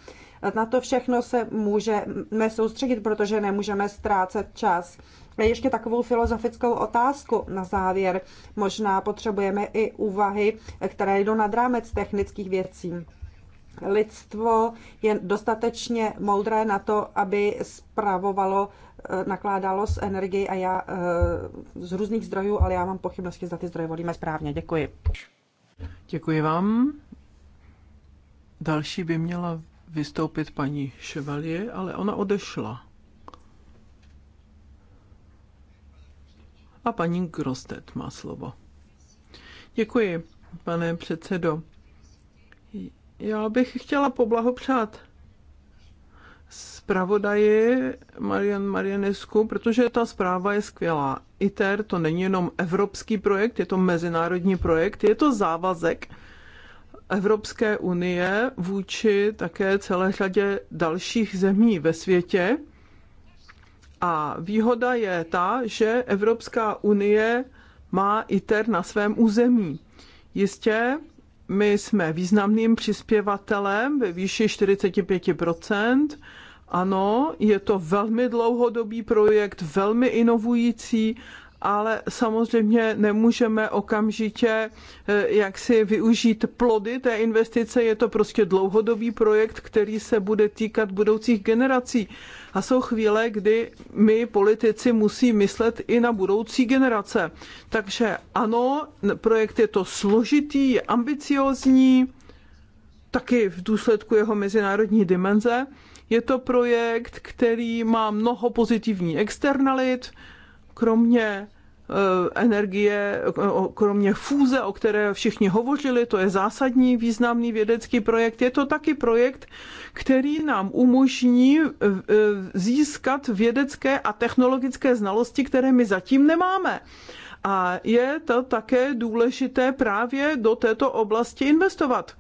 Na to všechno se můžeme soustředit, protože nemůžeme ztrácet čas. A ještě takovou filozofickou otázku na závěr. Možná potřebujeme i úvahy, které jdou nad rámec technických věcí. Lidstvo je dostatečně moudré na to, aby spravovalo, eh, nakládalo s energií a já eh, z různých zdrojů, ale já mám pochybnosti, zda ty zdroje volíme správně. Děkuji. Děkuji vám. Další by měla vystoupit paní Chevalier, ale ona odešla. A paní Grostet má slovo. Děkuji, pane předsedo. Já bych chtěla poblahopřát zpravodaji Marian Marianesku, protože ta zpráva je skvělá. ITER to není jenom evropský projekt, je to mezinárodní projekt, je to závazek, Evropské unie vůči také celé řadě dalších zemí ve světě. A výhoda je ta, že Evropská unie má ITER na svém území. Jistě, my jsme významným přispěvatelem ve výši 45 ano, je to velmi dlouhodobý projekt, velmi inovující ale samozřejmě nemůžeme okamžitě eh, jak si využít plody té investice. Je to prostě dlouhodobý projekt, který se bude týkat budoucích generací. A jsou chvíle, kdy my politici musí myslet i na budoucí generace. Takže ano, projekt je to složitý, je ambiciózní, taky v důsledku jeho mezinárodní dimenze. Je to projekt, který má mnoho pozitivní externalit, kromě eh, energie, eh, kromě fúze, o které všichni hovořili, to je zásadní významný vědecký projekt. Je to taky projekt, který nám umožní eh, získat vědecké a technologické znalosti, které my zatím nemáme. A je to také důležité právě do této oblasti investovat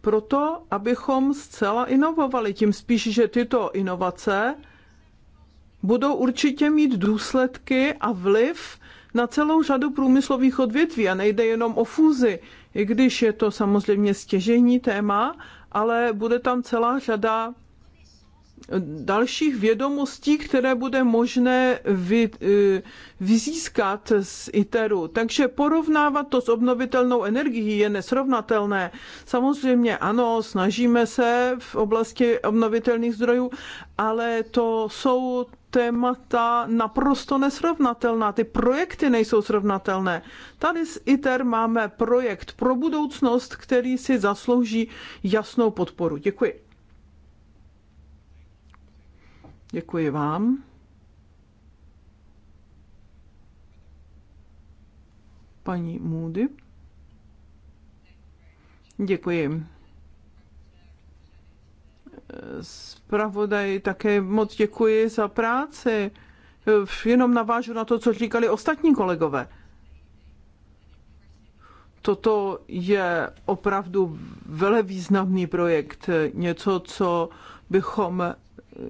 proto, abychom zcela inovovali. Tím spíš, že tyto inovace budou určitě mít důsledky a vliv na celou řadu průmyslových odvětví a nejde jenom o fúzi, i když je to samozřejmě stěžejní téma, ale bude tam celá řada eh, dalších vědomostí, které bude možné vy, eh, vyzískat z ITERu. Takže porovnávat to s obnovitelnou energií je nesrovnatelné. Samozřejmě ano, snažíme se v oblasti obnovitelných zdrojů, ale to jsou témata naprosto nesrovnatelná. Ty projekty nejsou srovnatelné. Tady s ITER máme projekt pro budoucnost, který si zaslouží jasnou podporu. Děkuji. Děkuji vám. Paní Můdy. Děkuji zpravodaj, také moc děkuji za práci. Jenom navážu na to, co říkali ostatní kolegové. Toto je opravdu velevýznamný projekt, něco, co bychom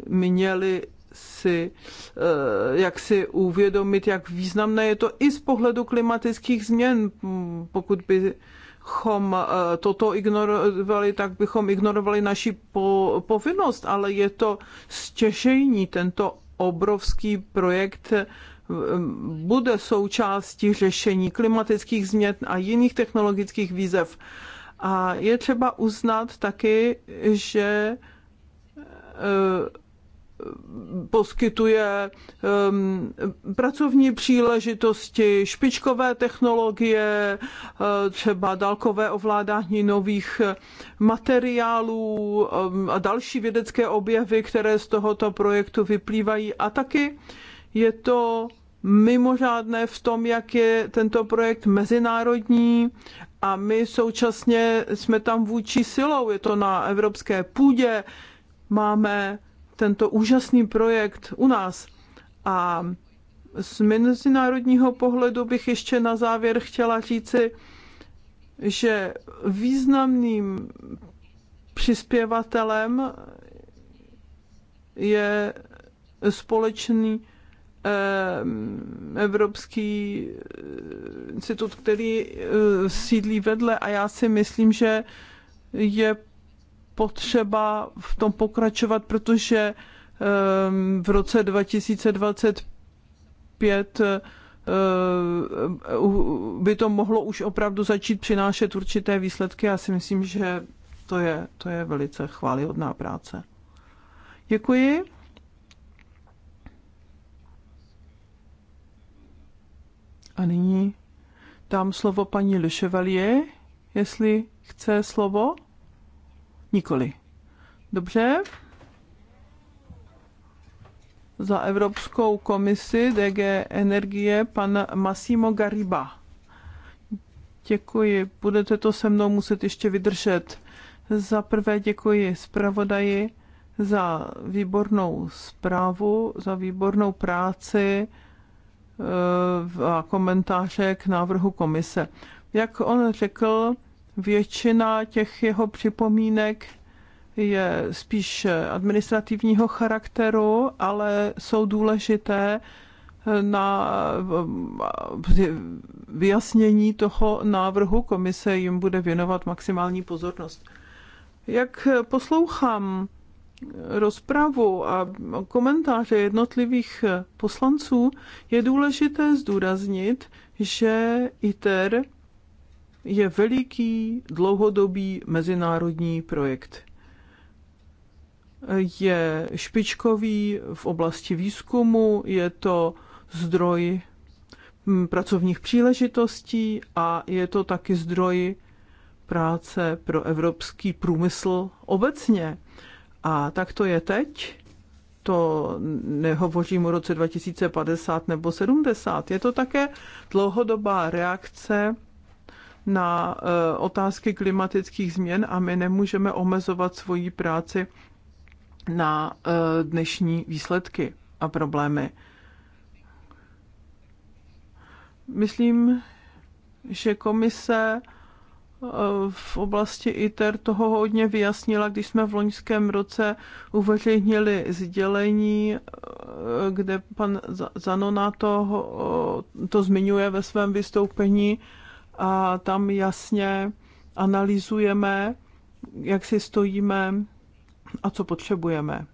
měli si, eh, jak si uvědomit, jak významné je to i z pohledu klimatických změn, pokud by bychom eh, toto ignorovali, tak bychom ignorovali naši po, povinnost, ale je to stěžejní tento obrovský projekt eh, bude součástí řešení klimatických změn a jiných technologických výzev. A je třeba uznat taky, že eh, poskytuje um, pracovní příležitosti, špičkové technologie, uh, třeba dálkové ovládání nových materiálů um, a další vědecké objevy, které z tohoto projektu vyplývají. A taky je to mimořádné v tom, jak je tento projekt mezinárodní a my současně jsme tam vůči silou, je to na evropské půdě, máme tento úžasný projekt u nás. A z mezinárodního pohledu bych ještě na závěr chtěla říci, že významným přispěvatelem je společný eh, Evropský eh, institut, který eh, sídlí vedle a já si myslím, že je potřeba v tom pokračovat, protože ehm, v roce 2025 eh, eh, by to mohlo už opravdu začít přinášet určité výsledky. Já si myslím, že to je, to je velice chválihodná práce. Děkuji. A nyní dám slovo paní Le Chevalier, jestli chce slovo. Nikoli. Dobře. Za Evropskou komisi DG Energie pan Massimo Gariba. Děkuji. Budete to se mnou muset ještě vydržet. Za prvé děkuji zpravodaji za výbornou zprávu, za výbornou práci eh, a komentáře k návrhu komise. Jak on řekl, Většina těch jeho připomínek je spíš administrativního charakteru, ale jsou důležité na eh, vyjasnění toho návrhu. Komise jim bude věnovat maximální pozornost. Jak poslouchám rozpravu a komentáře jednotlivých poslanců, je důležité zdůraznit, že ITER je veliký dlouhodobý mezinárodní projekt. Je špičkový v oblasti výzkumu, je to zdroj hm, pracovních příležitostí a je to taky zdroj práce pro evropský průmysl obecně. A tak to je teď. To nehovořím o roce 2050 nebo 70. Je to také dlouhodobá reakce na eh, otázky klimatických změn a my nemůžeme omezovat svoji práci na eh, dnešní výsledky a problémy. Myslím, že komise eh, v oblasti ITER toho hodně vyjasnila, když jsme v loňském roce uveřejnili sdělení, kde pan Zanonato to zmiňuje ve svém vystoupení a tam jasně analyzujeme, jak si stojíme a co potřebujeme,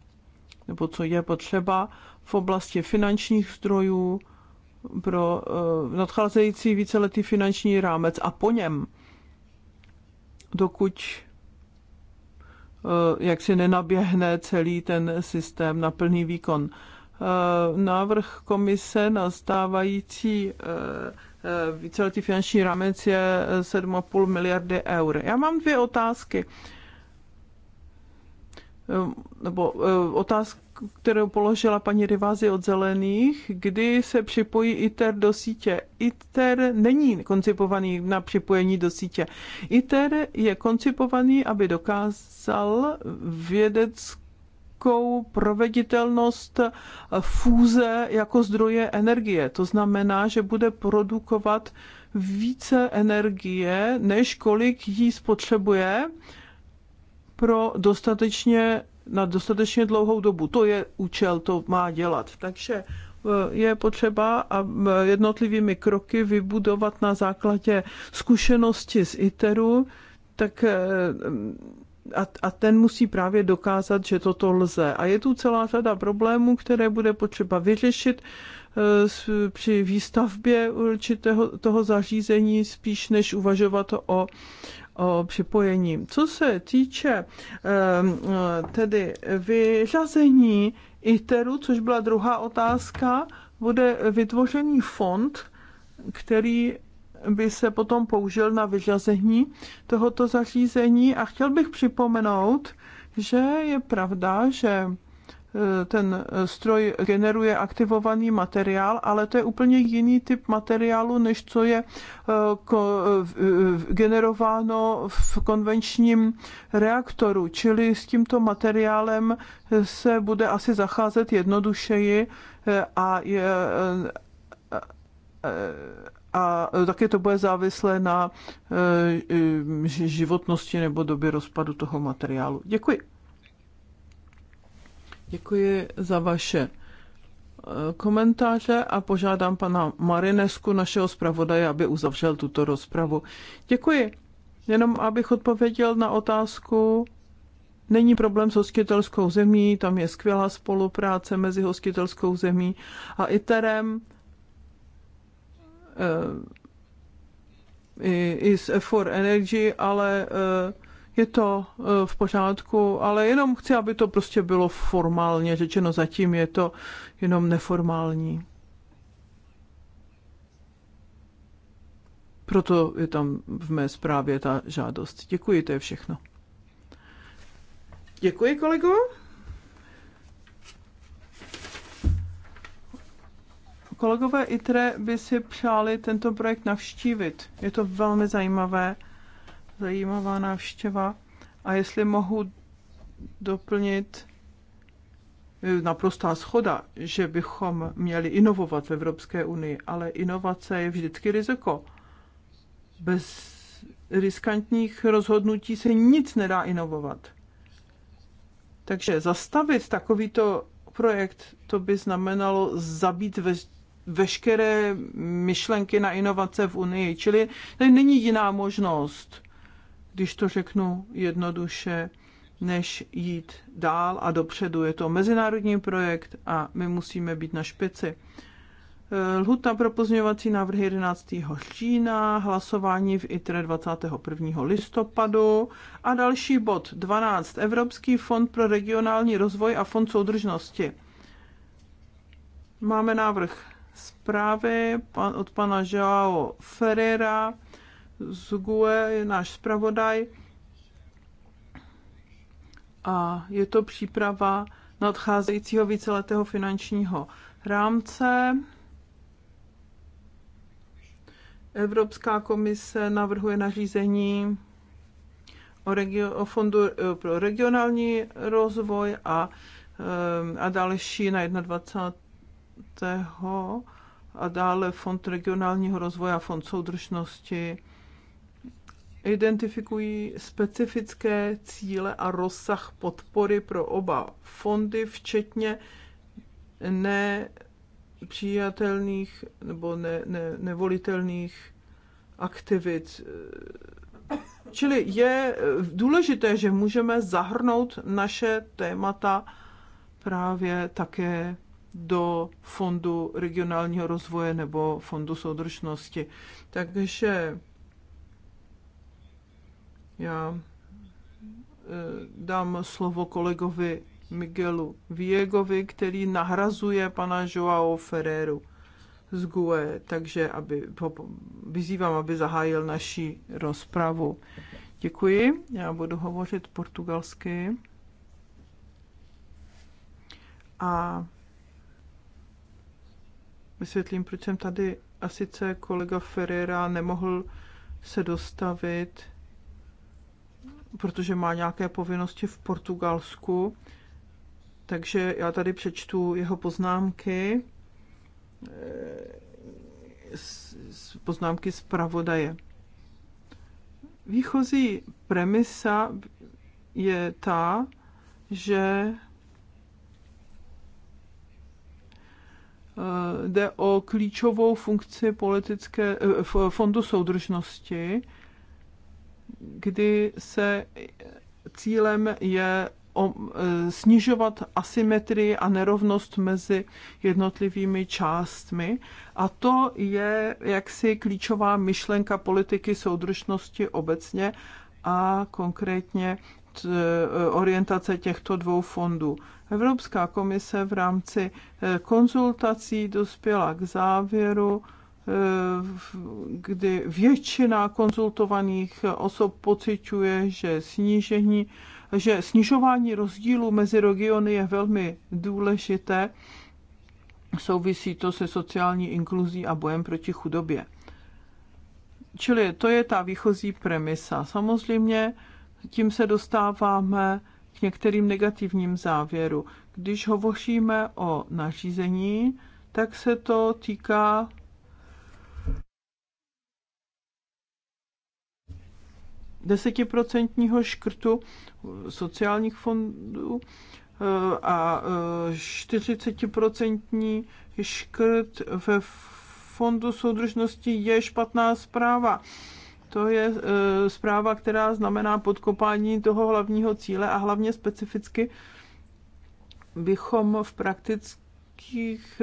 nebo co je potřeba v oblasti finančních zdrojů pro eh, nadcházející víceletý finanční rámec a po něm, dokud eh, jak si nenaběhne celý ten systém na plný výkon. Eh, návrh komise na stávající Eh, víceletý finanční rámec je 7,5 eh, miliardy eur. Já mám dvě otázky. Eh, nebo otázku, kterou položila paní Rivázy od Zelených, kdy se připojí ITER do sítě. ITER není koncipovaný na připojení do sítě. ITER je koncipovaný, aby dokázal vědecky velkou proveditelnost fúze jako zdroje energie. To znamená, že bude produkovat více energie, než kolik jí spotřebuje pro dostatečně, na dostatečně dlouhou dobu. To je účel, to má dělat. Takže e, je potřeba a jednotlivými kroky vybudovat na základě zkušenosti z ITERu, tak e, a, a ten musí právě dokázat, že toto lze. A je tu celá řada problémů, které bude potřeba vyřešit e, při výstavbě určitého toho zařízení spíš než uvažovat o, o připojení. Co se týče e, tedy vyřazení ITERu, což byla druhá otázka, bude vytvořený fond, který by se potom použil na vyřazení tohoto zařízení. A chtěl bych připomenout, že je pravda, že e, ten stroj generuje aktivovaný materiál, ale to je úplně jiný typ materiálu, než co je e, generováno v konvenčním reaktoru. Čili s tímto materiálem se bude asi zacházet jednodušeji e, a je a e, také to bude závislé na e, životnosti nebo době rozpadu toho materiálu. Děkuji. Děkuji za vaše e, komentáře a požádám pana Marinesku, našeho zpravodaje, aby uzavřel tuto rozpravu. Děkuji. Jenom abych odpověděl na otázku, není problém s hostitelskou zemí, tam je skvělá spolupráce mezi hostitelskou zemí a ITERem. Eh, i, z For Energy, ale eh, je to eh, v pořádku, ale jenom chci, aby to prostě bylo formálně řečeno. Zatím je to jenom neformální. Proto je tam v mé zprávě ta žádost. Děkuji, to je všechno. Děkuji, kolego. Kolegové ITRE by si přáli tento projekt navštívit. Je to velmi zajímavé, zajímavá návštěva. A jestli mohu doplnit, eh, naprostá schoda, že bychom měli inovovat v Evropské unii, ale inovace je vždycky riziko. Bez riskantních rozhodnutí se nic nedá inovovat. Takže zastavit takovýto projekt, to by znamenalo zabít ve veškeré myšlenky na inovace v Unii. Čili tady není jiná možnost, když to řeknu jednoduše, než jít dál a dopředu. Je to mezinárodní projekt a my musíme být na špici. Lhuta pro pozměňovací návrhy 11. října, hlasování v ITRE 21. listopadu a další bod 12. Evropský fond pro regionální rozvoj a fond soudržnosti. Máme návrh zprávy pan, od pana Joao Ferreira z GUE, je náš zpravodaj. A je to příprava nadcházejícího víceletého finančního rámce. Evropská komise navrhuje nařízení o, regio- o fondu eh, pro regionální rozvoj a, eh, a další na 21 tého a dále Fond regionálního rozvoje a Fond soudržnosti identifikují specifické cíle a rozsah podpory pro oba fondy, včetně nepřijatelných nebo ne, ne, nevolitelných aktivit. Čili je důležité, že můžeme zahrnout naše témata právě také do Fondu regionálního rozvoje nebo Fondu soudržnosti. Takže já eh, dám slovo kolegovi Miguelu Viegovi, který nahrazuje pana Joao Ferreru z GUE, takže aby, vyzývám, aby zahájil naši rozpravu. Děkuji, já budu hovořit portugalsky. A vysvětlím, proč jsem tady. A sice kolega Ferreira nemohl se dostavit, protože má nějaké povinnosti v Portugalsku. Takže já tady přečtu jeho poznámky, eh, poznámky pravodaje. Výchozí premisa je ta, že Eh, jde o klíčovou funkci politické, eh, fondu soudržnosti, kdy se cílem je eh, snižovat asymetrii a nerovnost mezi jednotlivými částmi. A to je jaksi klíčová myšlenka politiky soudržnosti obecně a konkrétně orientace těchto dvou fondů. Evropská komise v rámci eh, konzultací dospěla k závěru, eh, kdy většina konzultovaných osob pociťuje, že snížení, že snižování rozdílů mezi regiony je velmi důležité. Souvisí to se sociální inkluzí a bojem proti chudobě. Čili to je ta výchozí premisa. Samozřejmě tím se dostáváme k některým negativním závěru. Když hovoříme o nařízení, tak se to týká desetiprocentního škrtu sociálních fondů eh, a 40% eh, škrt ve fondu soudržnosti je špatná zpráva. To je e, zpráva, která znamená podkopání toho hlavního cíle a hlavně specificky bychom v praktických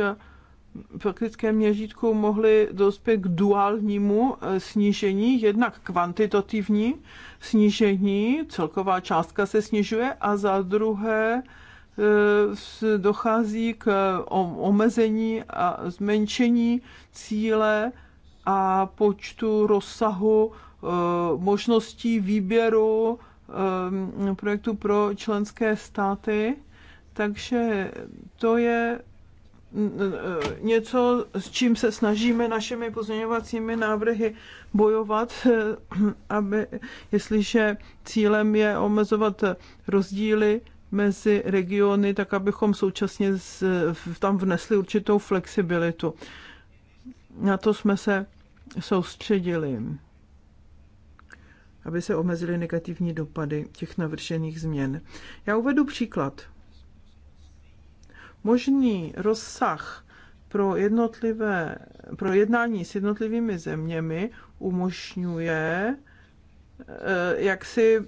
praktickém měřítku mohli dospět k duálnímu e, snížení, jednak kvantitativní snížení, celková částka se snižuje a za druhé e, dochází k omezení a zmenšení cíle a počtu rozsahu eh, možností výběru eh, projektu pro členské státy. Takže to je mm, eh, něco, s čím se snažíme našimi pozměňovacími návrhy bojovat, aby, jestliže cílem je omezovat rozdíly mezi regiony, tak abychom současně tam vnesli určitou flexibilitu. Na to jsme se soustředili, aby se omezily negativní dopady těch navržených změn. Já uvedu příklad. Možný rozsah pro, jednotlivé, pro jednání s jednotlivými zeměmi umožňuje eh, jak si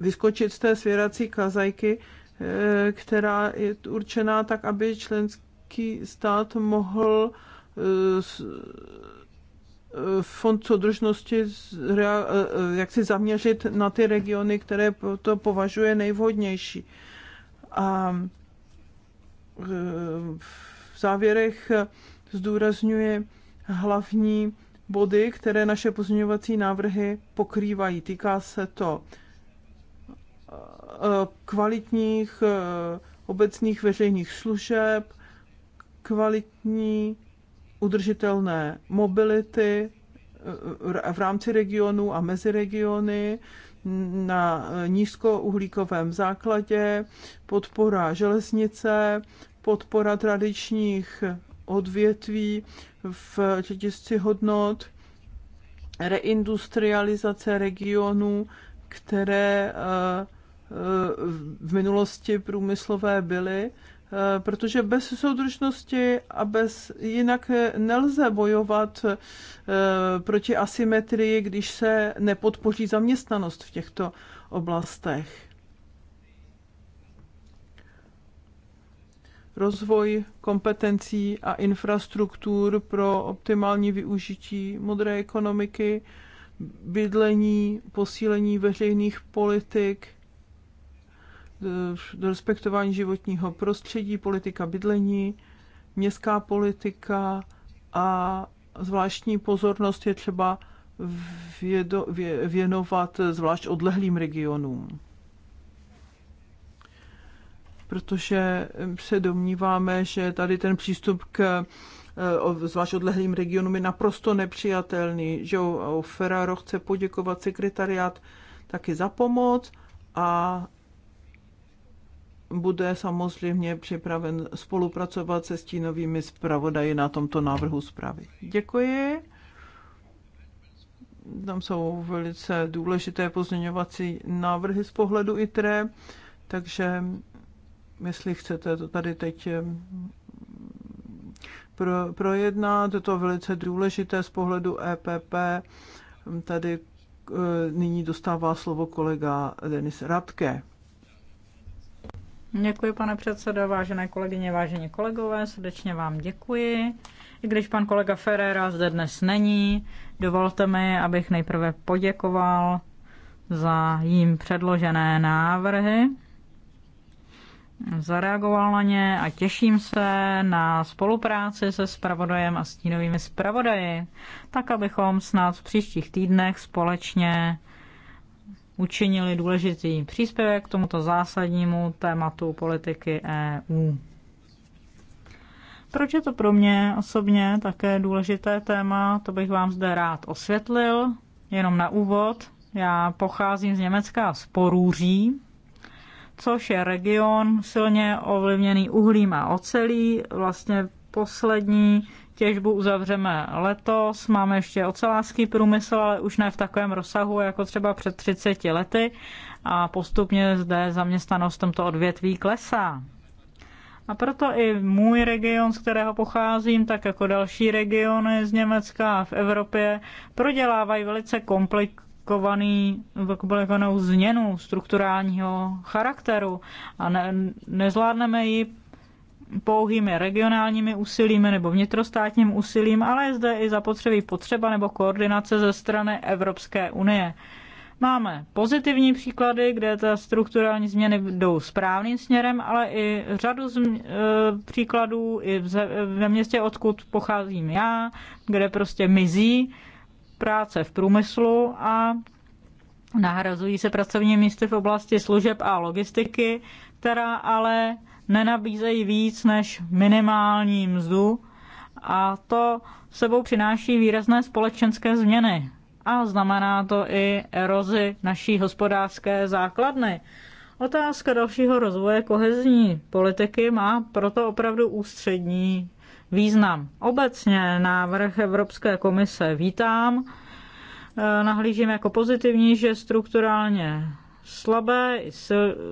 vyskočit z té svěrací kazajky, eh, která je určená tak, aby členský stát mohl eh, fond soudržnosti eh, jak si zaměřit na ty regiony, které to považuje nejvhodnější. A eh, v závěrech zdůrazňuje hlavní body, které naše pozměňovací návrhy pokrývají. Týká se to eh, kvalitních obecných veřejných služeb, kvalitní udržitelné mobility eh, v rámci regionu a mezi regiony na nízkouhlíkovém základě, podpora železnice, podpora tradičních odvětví v řetězci hodnot, reindustrializace regionů, které eh, eh, v minulosti průmyslové byly Eh, protože bez soudržnosti a bez jinak nelze bojovat eh, proti asymetrii, když se nepodpoří zaměstnanost v těchto oblastech. Rozvoj kompetencí a infrastruktur pro optimální využití modré ekonomiky, bydlení, posílení veřejných politik – do respektování životního prostředí, politika bydlení, městská politika a zvláštní pozornost je třeba vědo, vě, věnovat zvlášť odlehlým regionům. Protože se domníváme, že tady ten přístup k eh, zvlášť odlehlým regionům je naprosto nepřijatelný. že Ferraro chce poděkovat sekretariát taky za pomoc a bude samozřejmě připraven spolupracovat se stínovými zpravodaji na tomto návrhu zprávy. Děkuji. Tam jsou velice důležité pozměňovací návrhy z pohledu ITRE, takže jestli chcete to tady teď eh, pro, projednat, je to velice důležité z pohledu EPP. Tady eh, nyní dostává slovo kolega Denis Radke. Děkuji, pane předsedo, vážené kolegyně, vážení kolegové, srdečně vám děkuji. I když pan kolega Ferreira zde dnes není, dovolte mi, abych nejprve poděkoval za jím předložené návrhy. Zareagoval na ně a těším se na spolupráci se spravodajem a stínovými spravodaji, tak abychom snad v příštích týdnech společně učinili důležitý příspěvek k tomuto zásadnímu tématu politiky EU. Proč je to pro mě osobně také důležité téma, to bych vám zde rád osvětlil. Jenom na úvod, já pocházím z Německa z Porůří, což je region silně ovlivněný uhlím a ocelí. Vlastně poslední těžbu uzavřeme letos. Máme ještě ocelářský průmysl, ale už ne v takovém rozsahu jako třeba před 30 lety a postupně zde zaměstnanost v tomto odvětví klesá. A proto i můj region, z kterého pocházím, tak jako další regiony z Německa a v Evropě, prodělávají velice komplikovaný, komplikovanou změnu strukturálního charakteru a ne, nezvládneme ji pouhými regionálními úsilími nebo vnitrostátním úsilím, ale je zde i zapotřebí potřeba nebo koordinace ze strany Evropské unie. Máme pozitivní příklady, kde ta strukturální změny jdou správným směrem, ale i řadu e, příkladů i ve městě, odkud pocházím já, kde prostě mizí práce v průmyslu a nahrazují se pracovní místy v oblasti služeb a logistiky, která ale nenabízejí víc než minimální mzdu a to sebou přináší výrazné společenské změny a znamená to i erozi naší hospodářské základny. Otázka dalšího rozvoje kohezní politiky má proto opravdu ústřední význam. Obecně návrh Evropské komise vítám. E, nahlížím jako pozitivní, že strukturálně slabé i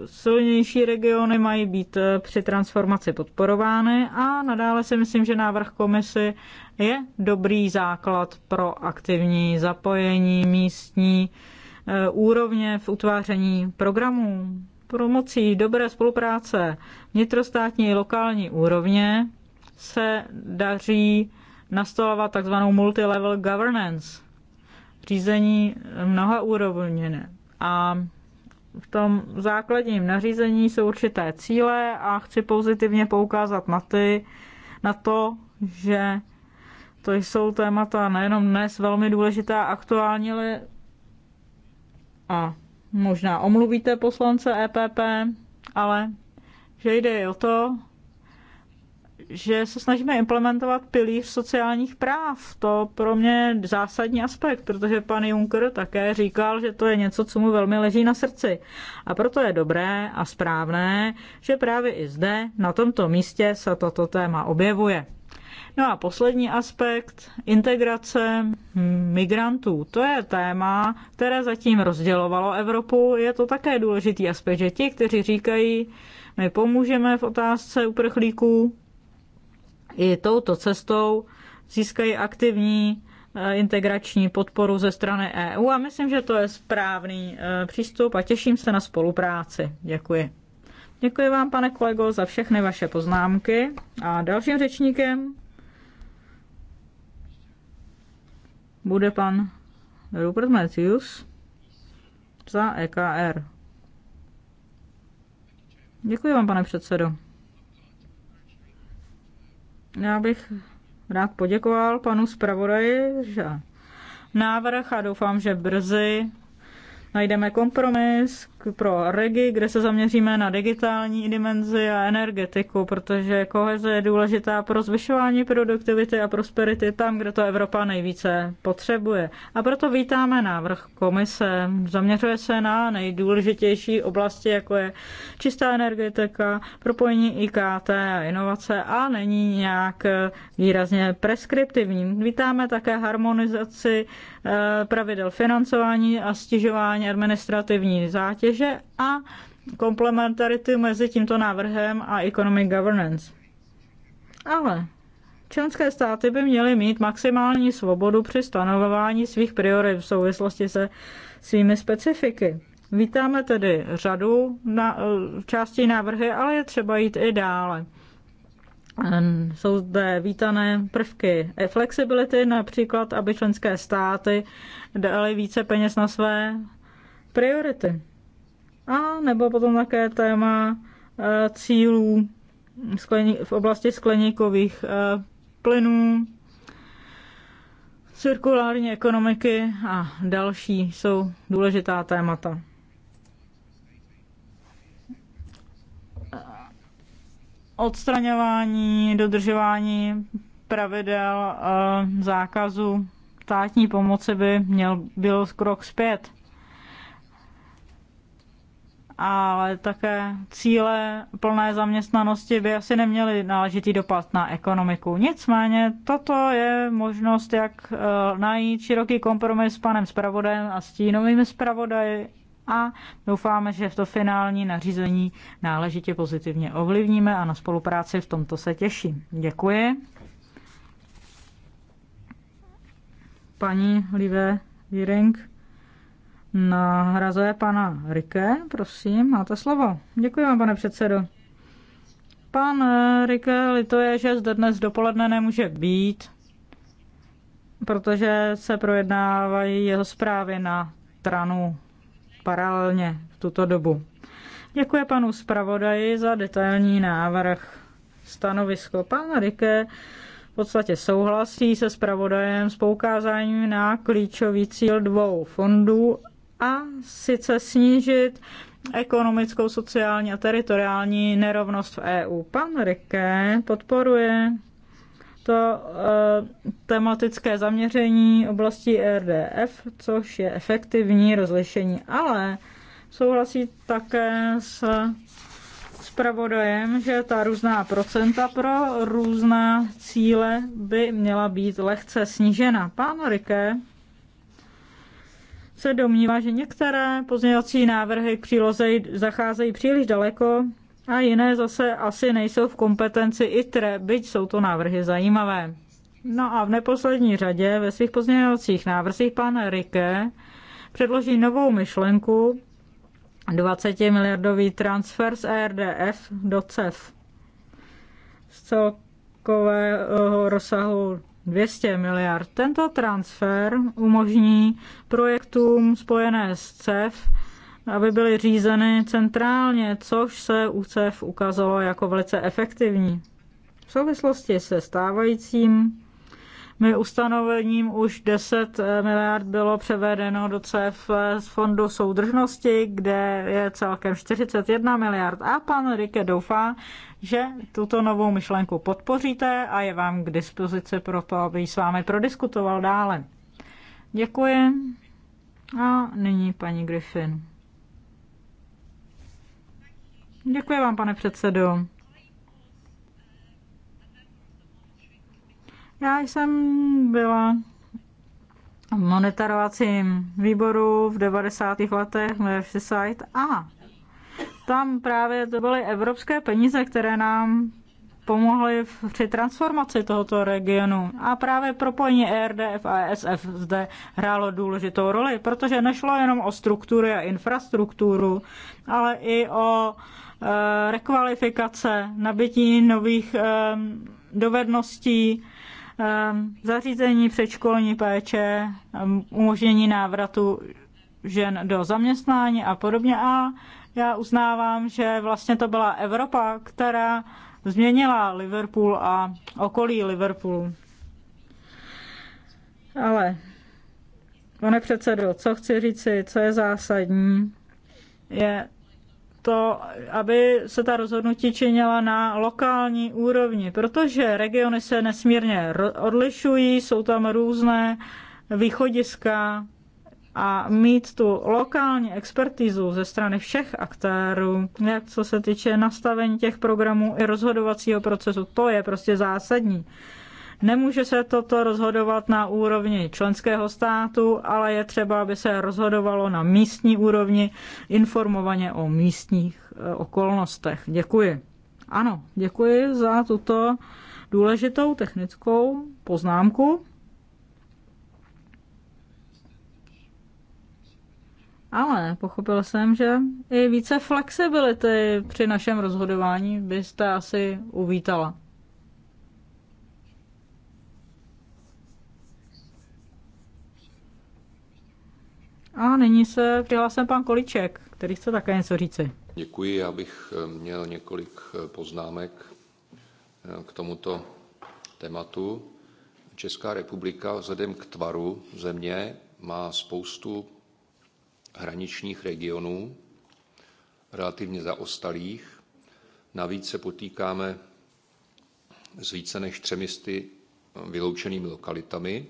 silnější regiony mají být eh, při transformaci podporovány a nadále si myslím, že návrh komisy je dobrý základ pro aktivní zapojení místní eh, úrovně v utváření programů. Promocí dobré spolupráce vnitrostátní i lokální úrovně se daří nastolovat takzvanou multilevel governance, řízení mnoha úrovně a v tom základním nařízení jsou určité cíle a chci pozitivně poukázat na ty, na to, že to jsou témata nejenom dnes velmi důležitá, aktuální, ale a možná omluvíte poslance EPP, ale že jde o to, že se snažíme implementovat pilíř sociálních práv. To pro mě zásadní aspekt, protože pan Juncker také říkal, že to je něco, co mu velmi leží na srdci. A proto je dobré a správné, že právě i zde, na tomto místě, se toto téma objevuje. No a poslední aspekt, integrace migrantů. To je téma, které zatím rozdělovalo Evropu. Je to také důležitý aspekt, že ti, kteří říkají, my pomůžeme v otázce uprchlíků, i touto cestou získají aktivní eh, integrační podporu ze strany EU a myslím, že to je správný eh, přístup a těším se na spolupráci. Děkuji. Děkuji vám, pane kolego, za všechny vaše poznámky a dalším řečníkem bude pan Rupert Matthews za EKR. Děkuji vám, pane předsedo. Já bych rád poděkoval panu zpravodaji za návrh a doufám, že brzy najdeme kompromis, pro regi, kde se zaměříme na digitální dimenzi a energetiku, protože koheze je důležitá pro zvyšování produktivity a prosperity tam, kde to Evropa nejvíce potřebuje. A proto vítáme návrh komise. Zaměřuje se na nejdůležitější oblasti, jako je čistá energetika, propojení IKT a inovace a není nějak výrazně preskriptivní. Vítáme také harmonizaci eh, pravidel financování a stěžování administrativní zátěže soutěže a komplementarity mezi tímto návrhem a economic governance. Ale členské státy by měly mít maximální svobodu při stanovování svých priorit v souvislosti se svými specifiky. Vítáme tedy řadu na, částí návrhy, ale je třeba jít i dále. Jsou zde vítané prvky e flexibility, například, aby členské státy dali více peněz na své priority. A nebo potom také téma eh, cílů v oblasti skleníkových eh, plynů, cirkulární ekonomiky a další jsou důležitá témata. Odstraňování, dodržování pravidel eh, zákazu státní pomoci by měl byl krok zpět ale také cíle plné zaměstnanosti by asi neměly náležitý dopad na ekonomiku. Nicméně toto je možnost, jak eh, najít široký kompromis s panem zpravodajem a stínovými zpravodaji a doufáme, že v to finální nařízení náležitě pozitivně ovlivníme a na spolupráci v tomto se těším. Děkuji. Paní Live Virenk nahrazuje pana Rike. Prosím, máte slovo. Děkuji vám, pane předsedo. Pan eh, Rike lituje, že zde dnes dopoledne nemůže být, protože se projednávají jeho zprávy na tranu paralelně v tuto dobu. Děkuji panu zpravodaji za detailní návrh stanovisko. Pan Rike v podstatě souhlasí se zpravodajem s poukázáním na klíčový cíl dvou fondů a sice snížit ekonomickou, sociální a teritoriální nerovnost v EU. Pan Rike podporuje to uh, tematické zaměření oblasti e RDF, což je efektivní rozlišení, ale souhlasí také s zpravodajem, že ta různá procenta pro různá cíle by měla být lehce snížena. Pán Rike se domnívá, že některé pozměňovací návrhy k příloze zacházejí příliš daleko a jiné zase asi nejsou v kompetenci ITRE, byť jsou to návrhy zajímavé. No a v neposlední řadě ve svých pozměňovacích návrzích pan Rike předloží novou myšlenku 20 miliardový transfer z ERDF do CEF z celkového rozsahu 200 miliard. Tento transfer umožní projektům spojené s CEF, aby byly řízeny centrálně, což se u CEF ukázalo jako velice efektivní. V souvislosti se stávajícím my ustanovením už 10 eh, miliard bylo převedeno do CF eh, z fondu soudržnosti, kde je celkem 41 miliard. A pan Rike doufá, že tuto novou myšlenku podpoříte a je vám k dispozici pro to, aby s vámi prodiskutoval dále. Děkuji. A nyní paní Griffin. Děkuji vám, pane předsedo. Já jsem byla v monitorovacím výboru v 90. letech ve Fisite a tam právě to byly evropské peníze, které nám pomohly při transformaci tohoto regionu. A právě propojení ERDF a ESF zde hrálo důležitou roli, protože nešlo jenom o struktury a infrastrukturu, ale i o eh, rekvalifikace, nabití nových eh, dovedností, Ehm, zařízení předškolní péče, ehm, umožnění návratu žen do zaměstnání a podobně. A já uznávám, že vlastně to byla Evropa, která změnila Liverpool a okolí Liverpoolu. Ale, pane předsedo, co chci říci, co je zásadní, je to, aby se ta rozhodnutí činila na lokální úrovni, protože regiony se nesmírně odlišují, jsou tam různé východiska a mít tu lokální expertizu ze strany všech aktérů, jak co se týče nastavení těch programů i rozhodovacího procesu, to je prostě zásadní. Nemůže se toto rozhodovat na úrovni členského státu, ale je třeba, aby se rozhodovalo na místní úrovni informovaně o místních eh, okolnostech. Děkuji. Ano, děkuji za tuto důležitou technickou poznámku. Ale pochopil jsem, že i více flexibility při našem rozhodování byste asi uvítala. A nyní se přihlásil pan Količek, který chce také něco říci. Děkuji, já bych eh, měl několik eh, poznámek eh, k tomuto tématu. Česká republika vzhledem k tvaru země má spoustu hraničních regionů, relativně zaostalých. Navíc se potýkáme s více než třemisty vyloučenými lokalitami,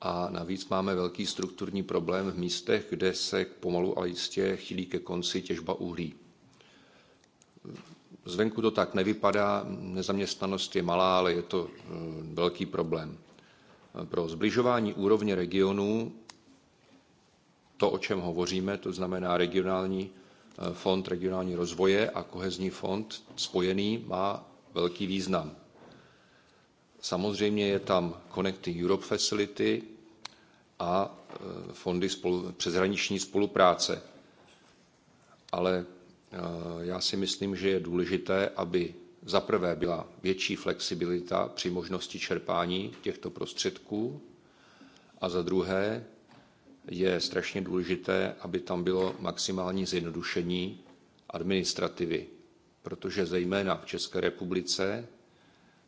a navíc máme velký strukturní problém v místech, kde se pomalu ale jistě chylí ke konci těžba uhlí. Zvenku to tak nevypadá, nezaměstnanost je malá, ale je to eh, velký problém. Pro zbližování úrovně regionů, to, o čem hovoříme, to znamená regionální eh, fond regionální rozvoje a kohezní fond spojený má velký význam. Samozřejmě je tam Connecting Europe Facility a e, fondy spolu, přeshraniční spolupráce. Ale e, já si myslím, že je důležité, aby za prvé byla větší flexibilita při možnosti čerpání těchto prostředků a za druhé je strašně důležité, aby tam bylo maximální zjednodušení administrativy, protože zejména v České republice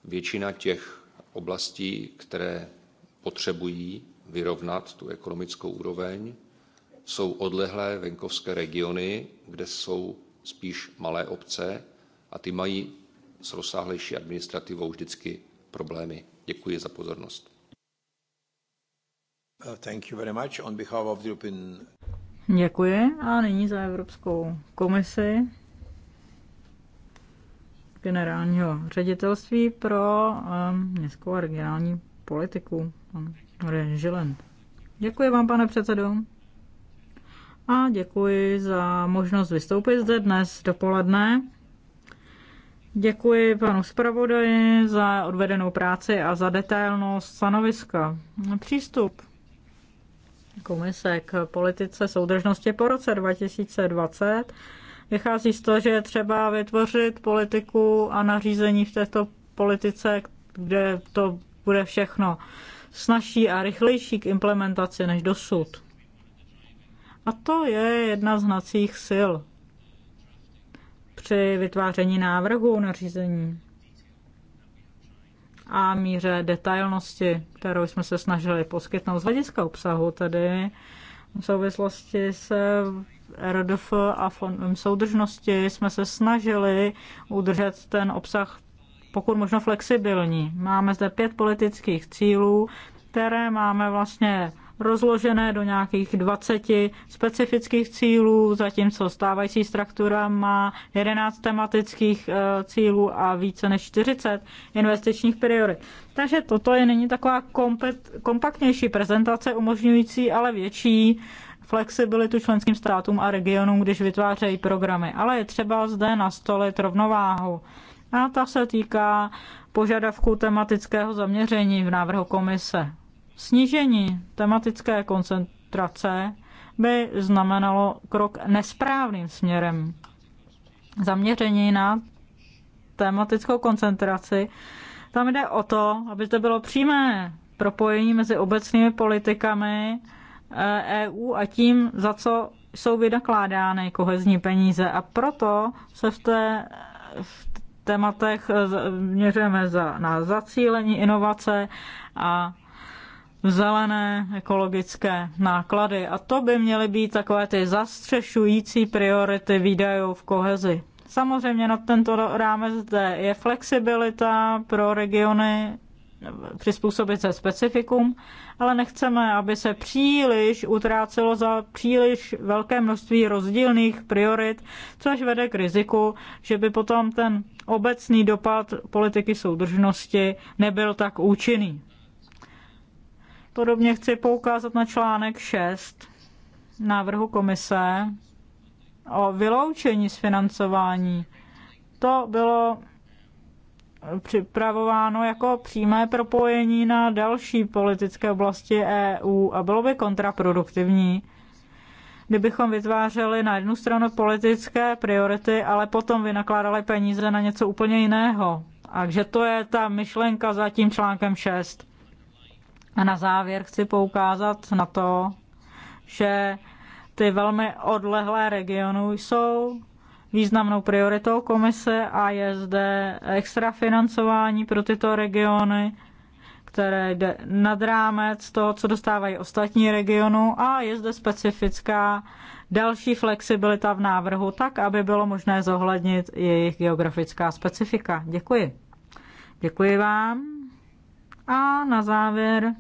většina těch oblastí, které potřebují vyrovnat tu ekonomickou úroveň, jsou odlehlé venkovské regiony, kde jsou spíš malé obce a ty mají s rozsáhlejší administrativou vždycky problémy. Děkuji za pozornost. Uh, thank you very much on behalf of the European... Děkuji a nyní za Evropskou komisi generálního ředitelství pro um, městskou a regionální politiku, pan Žilen. Děkuji vám, pane předsedo. A děkuji za možnost vystoupit zde dnes dopoledne. Děkuji panu zpravodaji za odvedenou práci a za detailnost stanoviska. Přístup komise k politice soudržnosti po roce 2020 Vychází z toho, že je třeba vytvořit politiku a nařízení v této politice, kde to bude všechno snažší a rychlejší k implementaci než dosud. A to je jedna z hnacích sil při vytváření návrhu nařízení a míře detailnosti, kterou jsme se snažili poskytnout z hlediska obsahu tedy v souvislosti s eh, RDF a fondem soudržnosti jsme se snažili udržet ten obsah pokud možno flexibilní. Máme zde pět politických cílů, které máme vlastně rozložené do nějakých 20 specifických cílů, zatímco stávající struktura má 11 tematických eh, cílů a více než 40 investičních priorit. Takže toto je není taková kompaktnější prezentace, umožňující ale větší flexibilitu členským státům a regionům, když vytvářejí programy. Ale je třeba zde nastolit rovnováhu. A ta se týká požadavků tematického zaměření v návrhu komise. Snížení tematické koncentrace by znamenalo krok nesprávným směrem. Zaměření na tematickou koncentraci, tam jde o to, aby to bylo přímé propojení mezi obecnými politikami EU eh, e a tím, za co jsou vynakládány kohezní peníze. A proto se v, té, v tématech měřeme za, na zacílení inovace a zelené ekologické náklady. A to by měly být takové ty zastřešující priority výdajů v kohezi. Samozřejmě na tento rámec zde je flexibilita pro regiony přizpůsobit se specifikum, ale nechceme, aby se příliš utrácelo za příliš velké množství rozdílných priorit, což vede k riziku, že by potom ten obecný dopad politiky soudržnosti nebyl tak účinný. Podobně chci poukázat na článek 6 návrhu komise o vyloučení z financování. To bylo připravováno jako přímé propojení na další politické oblasti EU a bylo by kontraproduktivní, kdybychom vytvářeli na jednu stranu politické priority, ale potom vynakládali peníze na něco úplně jiného. Takže to je ta myšlenka za tím článkem 6. A na závěr chci poukázat na to, že ty velmi odlehlé regiony jsou významnou prioritou komise a je zde extra financování pro tyto regiony, které jde nad rámec toho, co dostávají ostatní regionu a je zde specifická další flexibilita v návrhu, tak aby bylo možné zohlednit jejich geografická specifika. Děkuji. Děkuji vám. A na závěr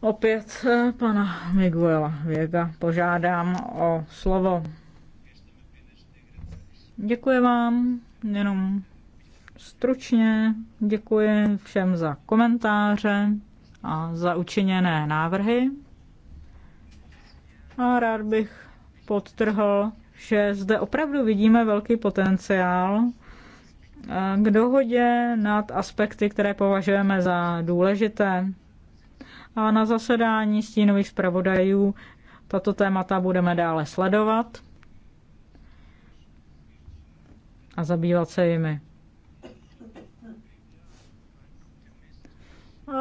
opět pana Miguela Věga požádám o slovo. Děkuji vám, jenom stručně děkuji všem za komentáře a za učiněné návrhy. A rád bych podtrhl, že zde opravdu vidíme velký potenciál Eh, k dohodě nad aspekty, které považujeme za důležité. A na zasedání stínových zpravodajů tato témata budeme dále sledovat a zabývat se jimi.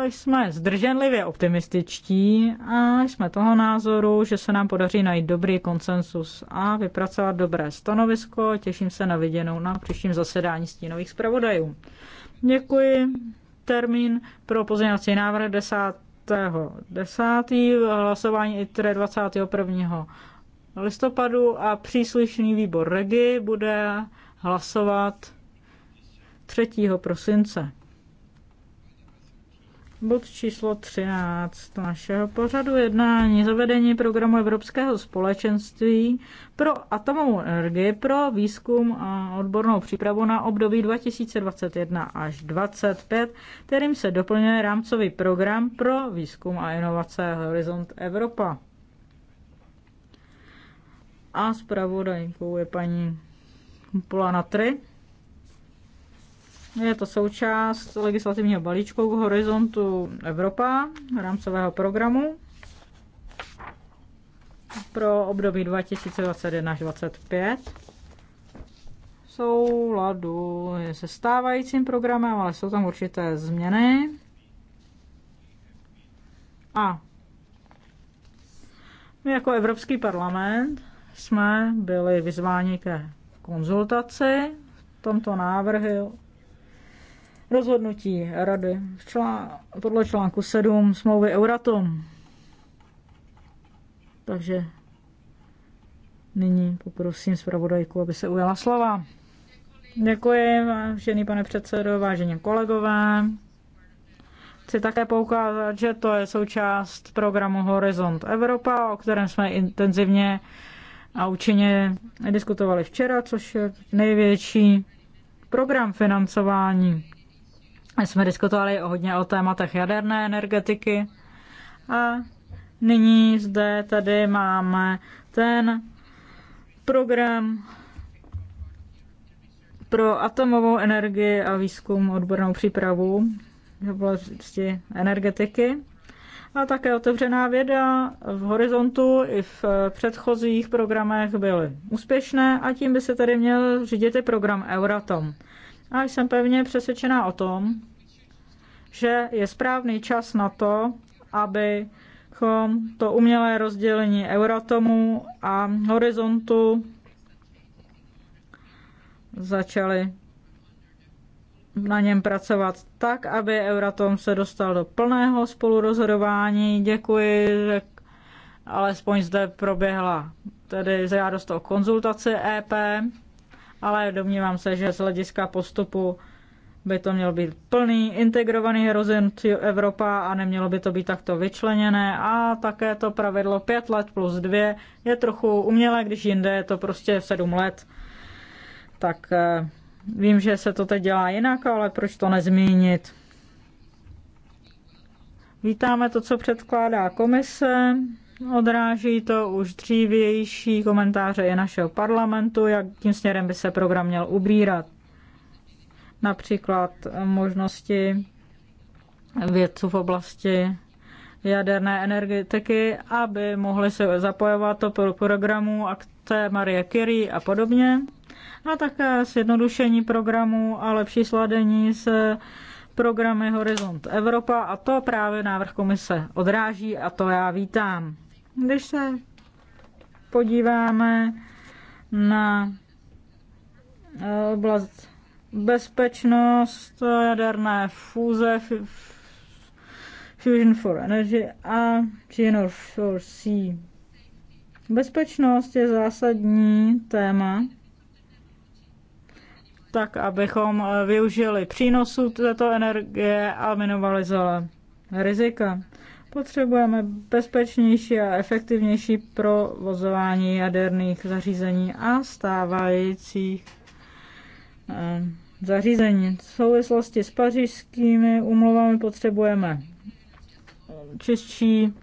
jsme zdrženlivě optimističtí a jsme toho názoru, že se nám podaří najít dobrý konsensus a vypracovat dobré stanovisko. Těším se na viděnou na příštím zasedání stínových zpravodajů. Děkuji. Termín pro pozměňovací návrh 10. 10. hlasování i 21. listopadu a příslušný výbor REGI bude hlasovat 3. prosince. Bod číslo 13 našeho pořadu jednání zavedení programu Evropského společenství pro atomovou energii pro výzkum a odbornou přípravu na období 2021 až 2025, kterým se doplňuje rámcový program pro výzkum a inovace Horizont Evropa. A zpravodajkou je paní Polana Try. Je to součást legislativního balíčku k horizontu Evropa, rámcového programu pro období 2021 až 2025. Souladu je se stávajícím programem, ale jsou tam určité změny. A my jako Evropský parlament jsme byli vyzváni ke konzultaci v tomto návrhu rozhodnutí rady podle článku 7 smlouvy Euratom. Takže nyní poprosím zpravodajku, aby se ujala slova. Děkuji, vážený pane předsedo, vážení kolegové. Chci také poukázat, že to je součást programu Horizont Evropa, o kterém jsme intenzivně a účinně diskutovali včera, což je největší program financování jsme diskutovali hodně o tématech jaderné energetiky a nyní zde tady máme ten program pro atomovou energii a výzkum odbornou přípravu v oblasti energetiky. A také otevřená věda v horizontu i v předchozích programech byly úspěšné a tím by se tady měl řídit i program Euratom. A jsem pevně přesvědčená o tom, že je správný čas na to, abychom to umělé rozdělení Euratomu a Horizontu začali na něm pracovat tak, aby Euratom se dostal do plného spolurozhodování. Děkuji, že alespoň zde proběhla tedy žádost o konzultaci EP ale domnívám se, že z hlediska postupu by to měl být plný integrovaný horizont Evropa a nemělo by to být takto vyčleněné. A také to pravidlo 5 let plus 2 je trochu umělé, když jinde je to prostě 7 let. Tak eh, vím, že se to teď dělá jinak, ale proč to nezmínit? Vítáme to, co předkládá komise. Odráží to už dřívější komentáře i našeho parlamentu, jak tím směrem by se program měl ubírat. Například možnosti vědců v oblasti jaderné energetiky, aby mohli se zapojovat do programu akce Marie Curie a podobně. A také zjednodušení programu a lepší sladení se programy Horizont Evropa a to právě návrh komise odráží a to já vítám. Když se podíváme na eh, oblast bezpečnost, eh, jaderné fúze, Fusion for Energy a GNR for Sea. Bezpečnost je zásadní téma, tak abychom eh, využili přínosu této energie a minimalizovali rizika. Potřebujeme bezpečnější a efektivnější provozování jaderných zařízení a stávajících eh, zařízení. V souvislosti s pařížskými umluvami potřebujeme čistší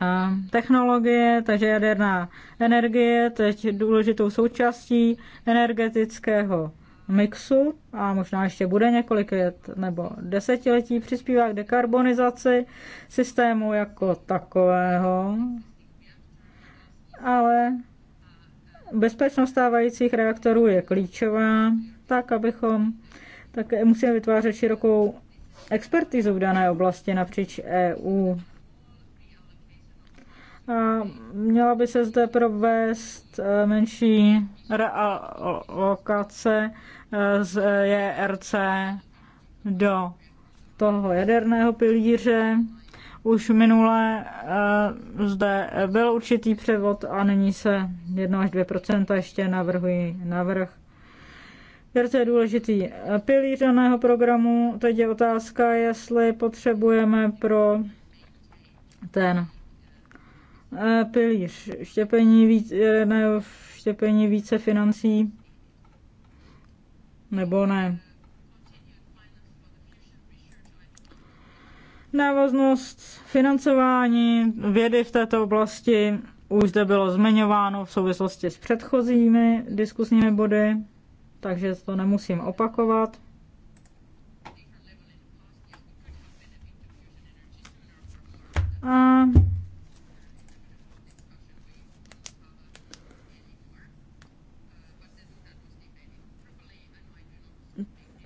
eh, technologie, takže jaderná energie, teď důležitou součástí energetického mixu a možná ještě bude několik let nebo desetiletí přispívá k dekarbonizaci systému jako takového, ale bezpečnost stávajících reaktorů je klíčová, tak abychom také musíme vytvářet širokou expertizu v dané oblasti napříč EU. A měla by se zde provést eh, menší realokace eh, z JRC e do toho jaderného pilíře. Už minule eh, zde byl určitý převod a nyní se 1 až 2 ještě navrhují navrh. JRC e je důležitý pilíř daného programu. Teď je otázka, jestli potřebujeme pro ten E, pilíř štěpení více, ne, štěpení více financí nebo ne. Návaznost financování vědy v této oblasti už zde bylo zmiňováno v souvislosti s předchozími diskusními body, takže to nemusím opakovat. A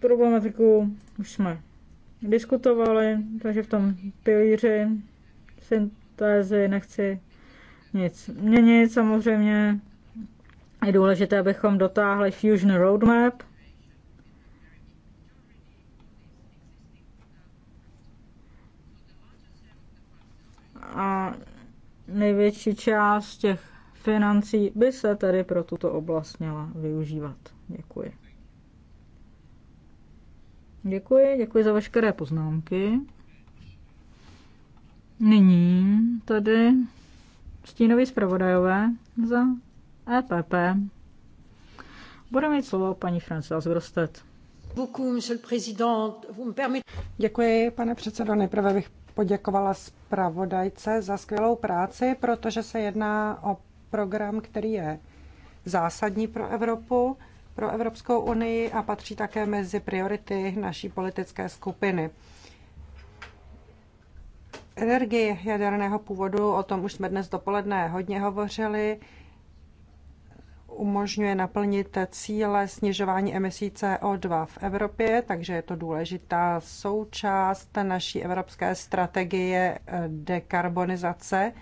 problematiku už jsme diskutovali, takže v tom pilíři syntézy nechci nic měnit. Samozřejmě je důležité, abychom dotáhli Fusion Roadmap, a největší část těch financí by se tedy pro tuto oblast měla využívat. Děkuji. Děkuji, děkuji za veškeré poznámky. Nyní tady stínový zpravodajové za EPP. Bude mít slovo paní Francia Grostet. Děkuji, pane předsedo. Nejprve bych poděkovala zpravodajce za skvělou práci, protože se jedná o program, který je zásadní pro Evropu pro Evropskou unii a patří také mezi priority naší politické skupiny. Energie jaderného původu, o tom už jsme dnes dopoledne hodně hovořili, umožňuje naplnit cíle snižování emisí CO2 v Evropě, takže je to důležitá součást naší evropské strategie dekarbonizace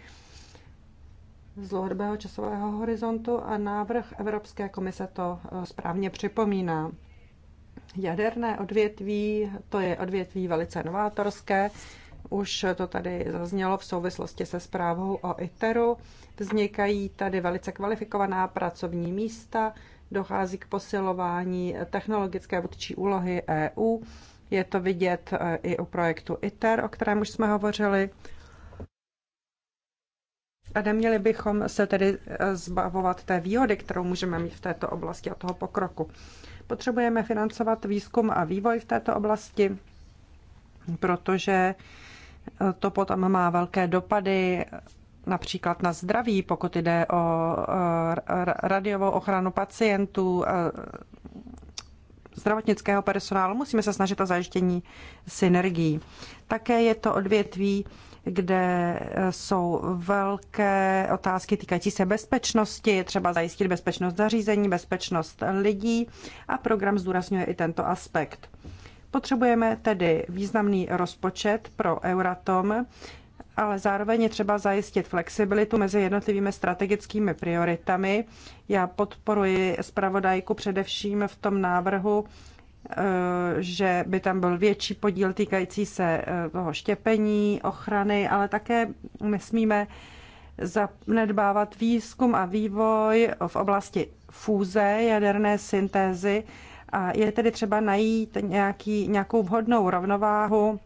z dlouhodobého časového horizontu a návrh Evropské komise to eh, správně připomíná. Jaderné odvětví, to je odvětví velice novátorské, už to tady zaznělo v souvislosti se zprávou o ITERu. Vznikají tady velice kvalifikovaná pracovní místa, dochází k posilování technologické vůdčí úlohy EU. Je to vidět eh, i u projektu ITER, o kterém už jsme hovořili. A neměli bychom se tedy eh, zbavovat té výhody, kterou můžeme mít v této oblasti a toho pokroku. Potřebujeme financovat výzkum a vývoj v této oblasti, protože eh, to potom má velké dopady eh, například na zdraví, pokud jde o radiovou ochranu pacientů, zdravotnického personálu, musíme se snažit o zajištění synergií. Také je to odvětví, kde eh, jsou velké otázky týkající se bezpečnosti, je třeba zajistit bezpečnost zařízení, bezpečnost lidí a program zdůrazňuje i tento aspekt. Potřebujeme tedy významný rozpočet pro Euratom, ale zároveň je třeba zajistit flexibilitu mezi jednotlivými strategickými prioritami. Já podporuji zpravodajku především v tom návrhu Eh, že by tam byl větší podíl týkající se eh, toho štěpení, ochrany, ale také nesmíme zanedbávat výzkum a vývoj v oblasti fúze jaderné syntézy a je tedy třeba najít nějaký, nějakou vhodnou rovnováhu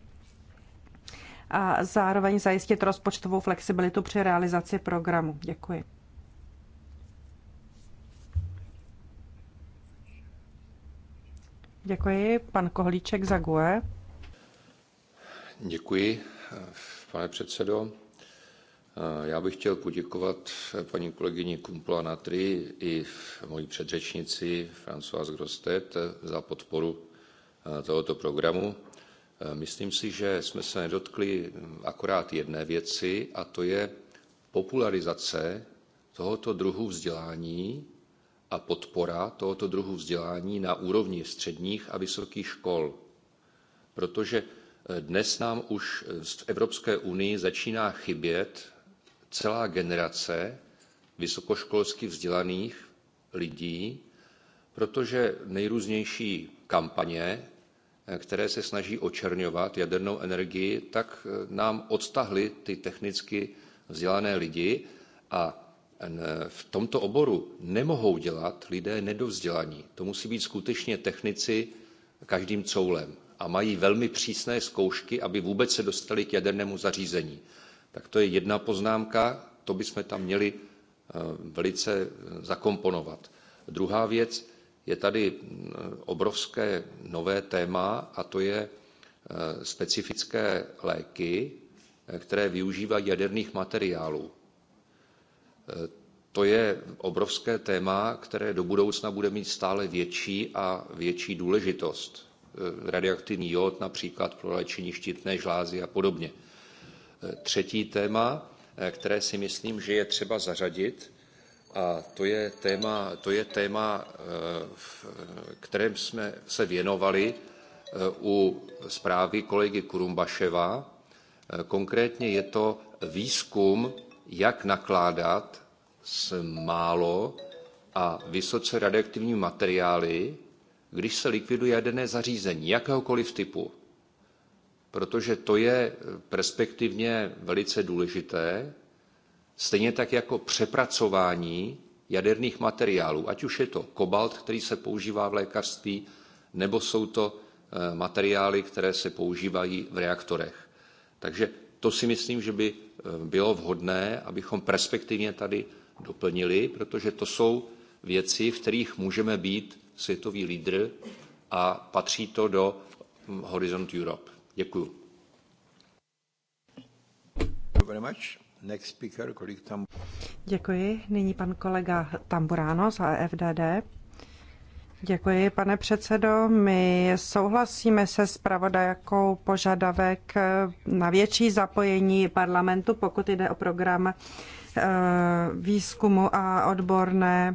a zároveň zajistit rozpočtovou flexibilitu při realizaci programu. Děkuji. Děkuji. Pan Kohlíček za GUE. Děkuji, pane předsedo. Já bych chtěl poděkovat paní kolegyni Kumpla Natry i mojí předřečnici François Grostet za podporu tohoto programu. Myslím si, že jsme se nedotkli akorát jedné věci, a to je popularizace tohoto druhu vzdělání a podpora tohoto druhu vzdělání na úrovni středních a vysokých škol. Protože eh, dnes nám už eh, v Evropské unii začíná chybět celá generace vysokoškolsky vzdělaných lidí, protože nejrůznější kampaně, eh, které se snaží očerňovat jadernou energii, tak nám odstahly ty technicky vzdělané lidi a Eh, v tomto oboru nemohou dělat lidé nedovzdělaní. To musí být skutečně technici každým coulem a mají velmi přísné zkoušky, aby vůbec se dostali k jadernému zařízení. Tak to je jedna poznámka, to bychom tam měli eh, velice eh, zakomponovat. Druhá věc, je tady obrovské nové téma a to je specifické léky, které využívají jaderných materiálů. Eh, to je obrovské téma, které do budoucna bude mít stále větší a větší důležitost. Eh, radioaktivní jod, například pro léčení štítné žlázy a podobně. Eh, třetí téma, které si myslím, že je třeba zařadit, a to je téma, to je téma v kterém jsme se věnovali u zprávy kolegy Kurumbaševa. Konkrétně je to výzkum jak nakládat s málo a vysoce radioaktivními materiály, když se likviduje jaderné zařízení jakéhokoliv typu. Protože to je perspektivně velice důležité, stejně tak jako přepracování jaderných materiálů, ať už je to kobalt, který se používá v lékařství, nebo jsou to eh, materiály, které se používají v reaktorech. Takže to si myslím, že by eh, bylo vhodné, abychom perspektivně tady doplnili, protože to jsou věci, v kterých můžeme být světový lídr a patří to do hm, Horizont Europe. Děkuju. Děkuji. Nyní pan kolega Tamburano za EFDD. Děkuji, pane předsedo. My souhlasíme se s pravodajakou požadavek na větší zapojení parlamentu, pokud jde o program eh, výzkumu a odborné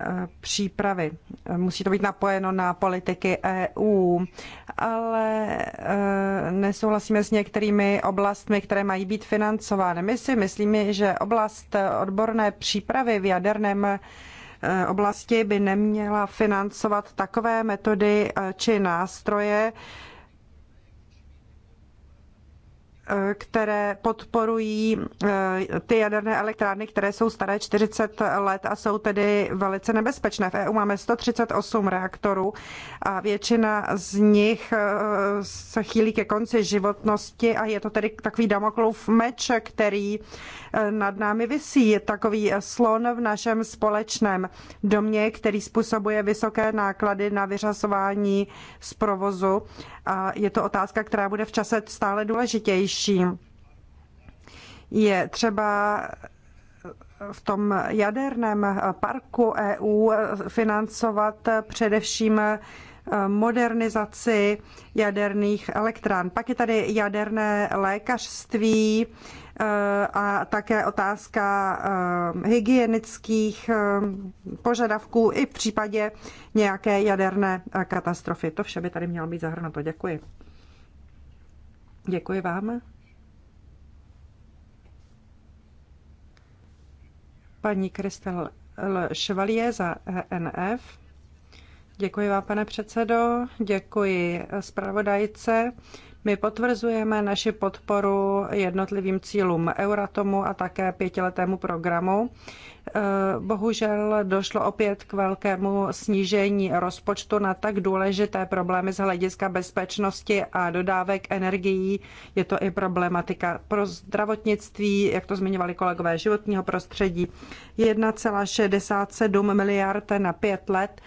eh, přípravy. Musí to být napojeno na politiky EU, ale eh, nesouhlasíme s některými oblastmi, které mají být financovány. My si myslíme, že oblast odborné přípravy v jaderném Eh, oblasti by neměla financovat takové metody eh, či nástroje, Eh, které podporují eh, ty jaderné elektrárny, které jsou staré 40 let a jsou tedy velice nebezpečné. V EU máme 138 reaktorů a většina z nich eh, se chýlí ke konci životnosti a je to tedy takový damoklův meč, který nad námi vysí Je takový slon v našem společném domě, který způsobuje vysoké náklady na vyřazování z provozu a je to otázka, která bude v čase stále důležitější nižší. Je třeba v tom jaderném parku EU financovat především eh, modernizaci jaderných elektrán. Pak je tady jaderné lékařství eh, a také otázka eh, hygienických požadavků i v případě nějaké jaderné katastrofy. To vše by tady mělo být zahrnuto. Děkuji. Děkuji vám. Paní Kristel Švalie za ENF. Děkuji vám, pane předsedo, děkuji zpravodajce. My potvrzujeme naši podporu jednotlivým cílům Euratomu a také pětiletému programu. Eh, bohužel došlo opět k velkému snížení rozpočtu na tak důležité problémy z hlediska bezpečnosti a dodávek energií. Je to i problematika pro zdravotnictví, jak to zmiňovali kolegové, životního prostředí. 1,67 miliard na pět let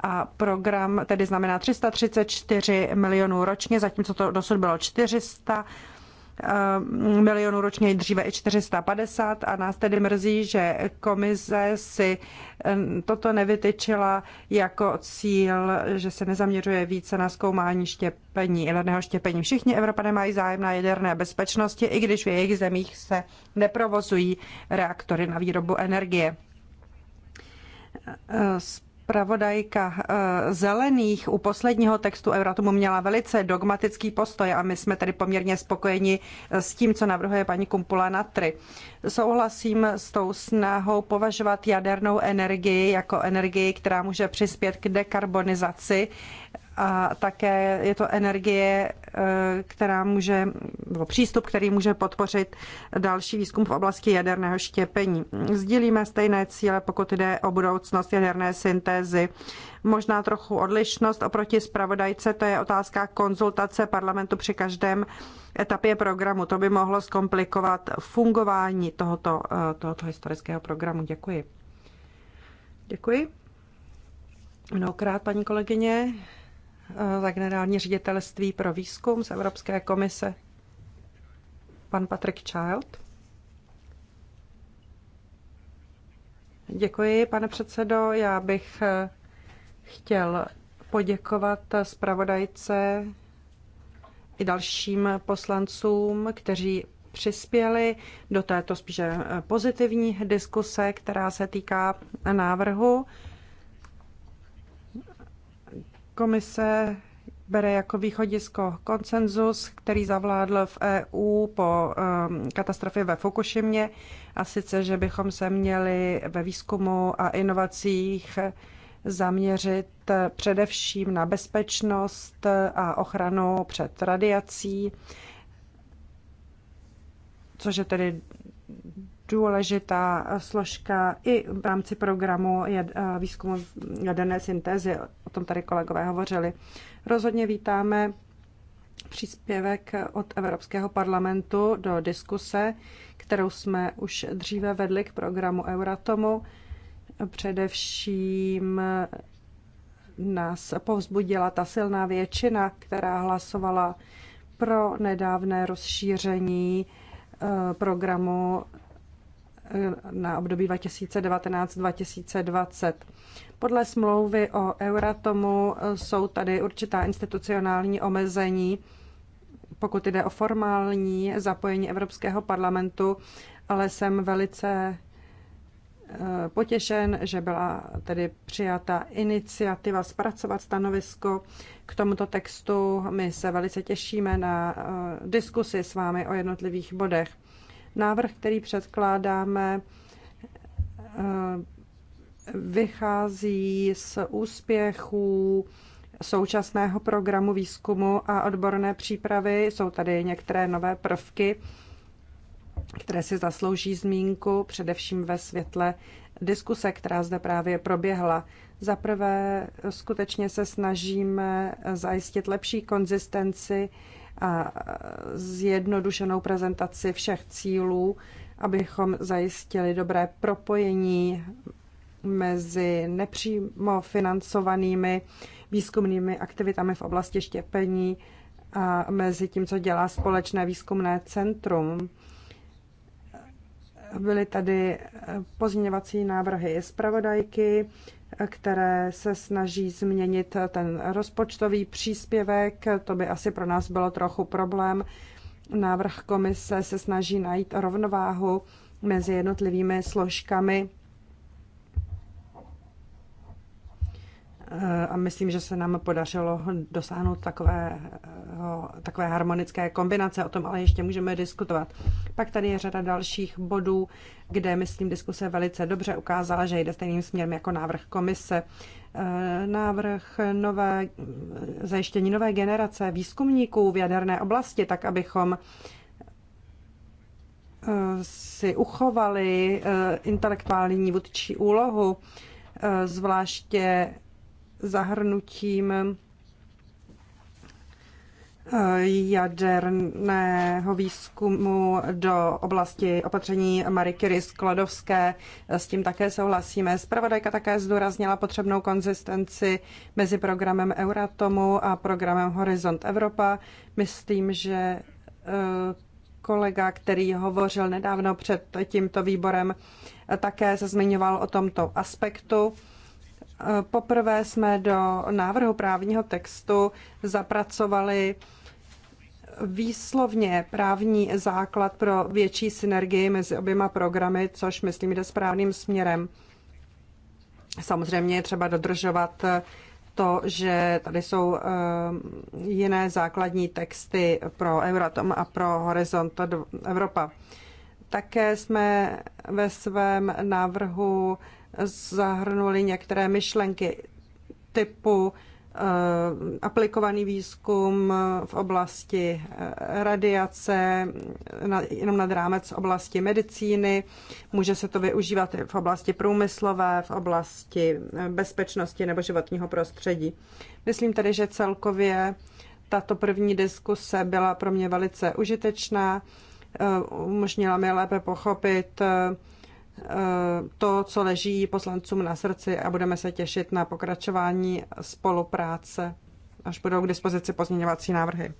a program tedy znamená 334 milionů ročně, zatímco to dosud bylo 400 eh, milionů ročně, dříve i 450 a nás tedy mrzí, že komise si eh, toto nevytyčila jako cíl, že se nezaměřuje více na zkoumání štěpení, jaderného štěpení. Všichni Evropané mají zájem na jaderné bezpečnosti, i když v jejich zemích se neprovozují reaktory na výrobu energie. Z eh, zpravodajka eh, zelených u posledního textu Euratomu měla velice dogmatický postoj a my jsme tedy poměrně spokojeni eh, s tím, co navrhuje paní Kumpula Natry. Souhlasím s tou snahou považovat jadernou energii jako energii, která může přispět k dekarbonizaci a také je to energie, eh, která může, nebo přístup, který může podpořit další výzkum v oblasti jaderného štěpení. Sdílíme stejné cíle, pokud jde o budoucnost jaderné syntézy. Možná trochu odlišnost oproti zpravodajce, to je otázka konzultace parlamentu při každém etapě programu. To by mohlo zkomplikovat fungování tohoto, eh, tohoto historického programu. Děkuji. Děkuji. Mnohokrát, paní kolegyně. Eh, za generální ředitelství pro výzkum z Evropské komise, pan Patrick Child. Děkuji, pane předsedo. Já bych eh, chtěl poděkovat zpravodajce i dalším poslancům, kteří přispěli do této spíše pozitivní diskuse, která se týká návrhu. Komise bere jako východisko konsenzus, který zavládl v EU po um, katastrofě ve Fukušimě, a sice, že bychom se měli ve výzkumu a inovacích zaměřit především na bezpečnost a ochranu před radiací, což je tedy důležitá složka i v rámci programu eh, výzkumu jaderné syntézy. O tom tady kolegové hovořili. Rozhodně vítáme příspěvek od Evropského parlamentu do diskuse, kterou jsme už dříve vedli k programu Euratomu. Především nás povzbudila ta silná většina, která hlasovala pro nedávné rozšíření eh, programu Eh, na období 2019-2020. Podle smlouvy o Euratomu eh, jsou tady určitá institucionální omezení, pokud jde o formální zapojení Evropského parlamentu, ale jsem velice eh, potěšen, že byla tedy přijata iniciativa zpracovat stanovisko k tomuto textu. My se velice těšíme na diskusi s vámi o jednotlivých bodech. Návrh, který předkládáme, eh, vychází z úspěchů současného programu výzkumu a odborné přípravy. Jsou tady některé nové prvky, které si zaslouží zmínku, především ve světle diskuse, která zde právě proběhla. Za prvé, skutečně se snažíme zajistit lepší konzistenci a zjednodušenou prezentaci všech cílů, abychom zajistili dobré propojení mezi nepřímo financovanými výzkumnými aktivitami v oblasti štěpení a mezi tím, co dělá společné výzkumné centrum. Byly tady pozměňovací návrhy zpravodajky, které se snaží změnit ten rozpočtový příspěvek. To by asi pro nás bylo trochu problém. Návrh komise se snaží najít rovnováhu mezi jednotlivými složkami Eh, a myslím, že se nám podařilo dosáhnout takové, eh, takové harmonické kombinace. O tom ale ještě můžeme diskutovat. Pak tady je řada dalších bodů, kde, myslím, diskuse velice dobře ukázala, že jde stejným směrem jako návrh komise. Eh, návrh nové, zajištění nové generace výzkumníků v jaderné oblasti, tak abychom si uchovali intelektuální vůdčí úlohu, zvláště zahrnutím eh, jaderného výzkumu do oblasti opatření Marie Curie Sklodovské. S tím také souhlasíme. Spravodajka také zdůraznila potřebnou konzistenci mezi programem Euratomu a programem Horizont Evropa. Myslím, že eh, kolega, který hovořil nedávno před tímto výborem, eh, také se zmiňoval o tomto aspektu. Poprvé jsme do návrhu právního textu zapracovali výslovně právní základ pro větší synergii mezi oběma programy, což myslím jde správným směrem. Samozřejmě je třeba dodržovat to, že tady jsou eh, jiné základní texty pro Euratom a pro Horizont Evropa. Také jsme ve svém návrhu zahrnuli některé myšlenky typu eh, aplikovaný výzkum v oblasti eh, radiace, jenom nad rámec oblasti medicíny. Může se to využívat v oblasti průmyslové, v oblasti eh, bezpečnosti nebo životního prostředí. Myslím tedy, že celkově tato první diskuse byla pro mě velice užitečná. Umožnila mi lépe pochopit, Eh, to, co leží poslancům na srdci a budeme se těšit na pokračování spolupráce, až budou k dispozici pozměňovací návrhy.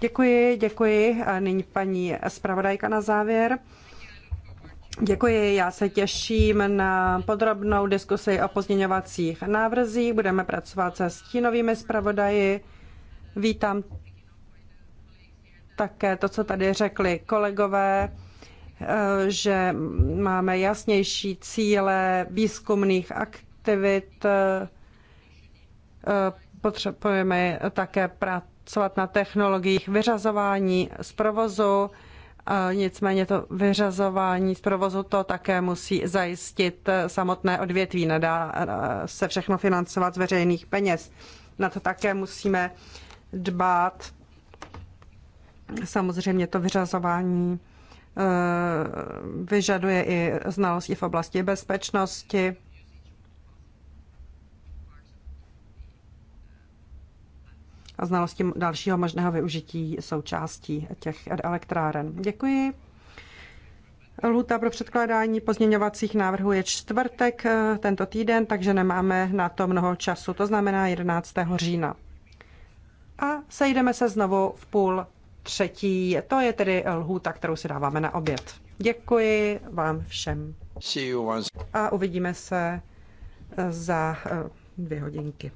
Děkuji, děkuji. A nyní paní zpravodajka na závěr. Děkuji, já se těším na podrobnou diskusi o pozměňovacích návrzích. Budeme pracovat se stínovými zpravodaji. Vítám také to, co tady řekli kolegové. Eh, že máme jasnější cíle výzkumných aktivit, eh, eh, potřebujeme také pracovat na technologiích vyřazování z provozu, nicméně to vyřazování z provozu to také musí zajistit samotné odvětví, nedá se všechno financovat z veřejných peněz. Na to také musíme dbát. Samozřejmě to vyřazování Eh, vyžaduje i znalosti v oblasti bezpečnosti. a znalosti dalšího možného využití součástí těch elektráren. Děkuji. Lhuta pro předkládání pozměňovacích návrhů je čtvrtek eh, tento týden, takže nemáme na to mnoho času, to znamená 11. října. A sejdeme se znovu v půl třetí. To je tedy lhůta, kterou si dáváme na oběd. Děkuji vám všem. A uvidíme se za eh, dvě hodinky.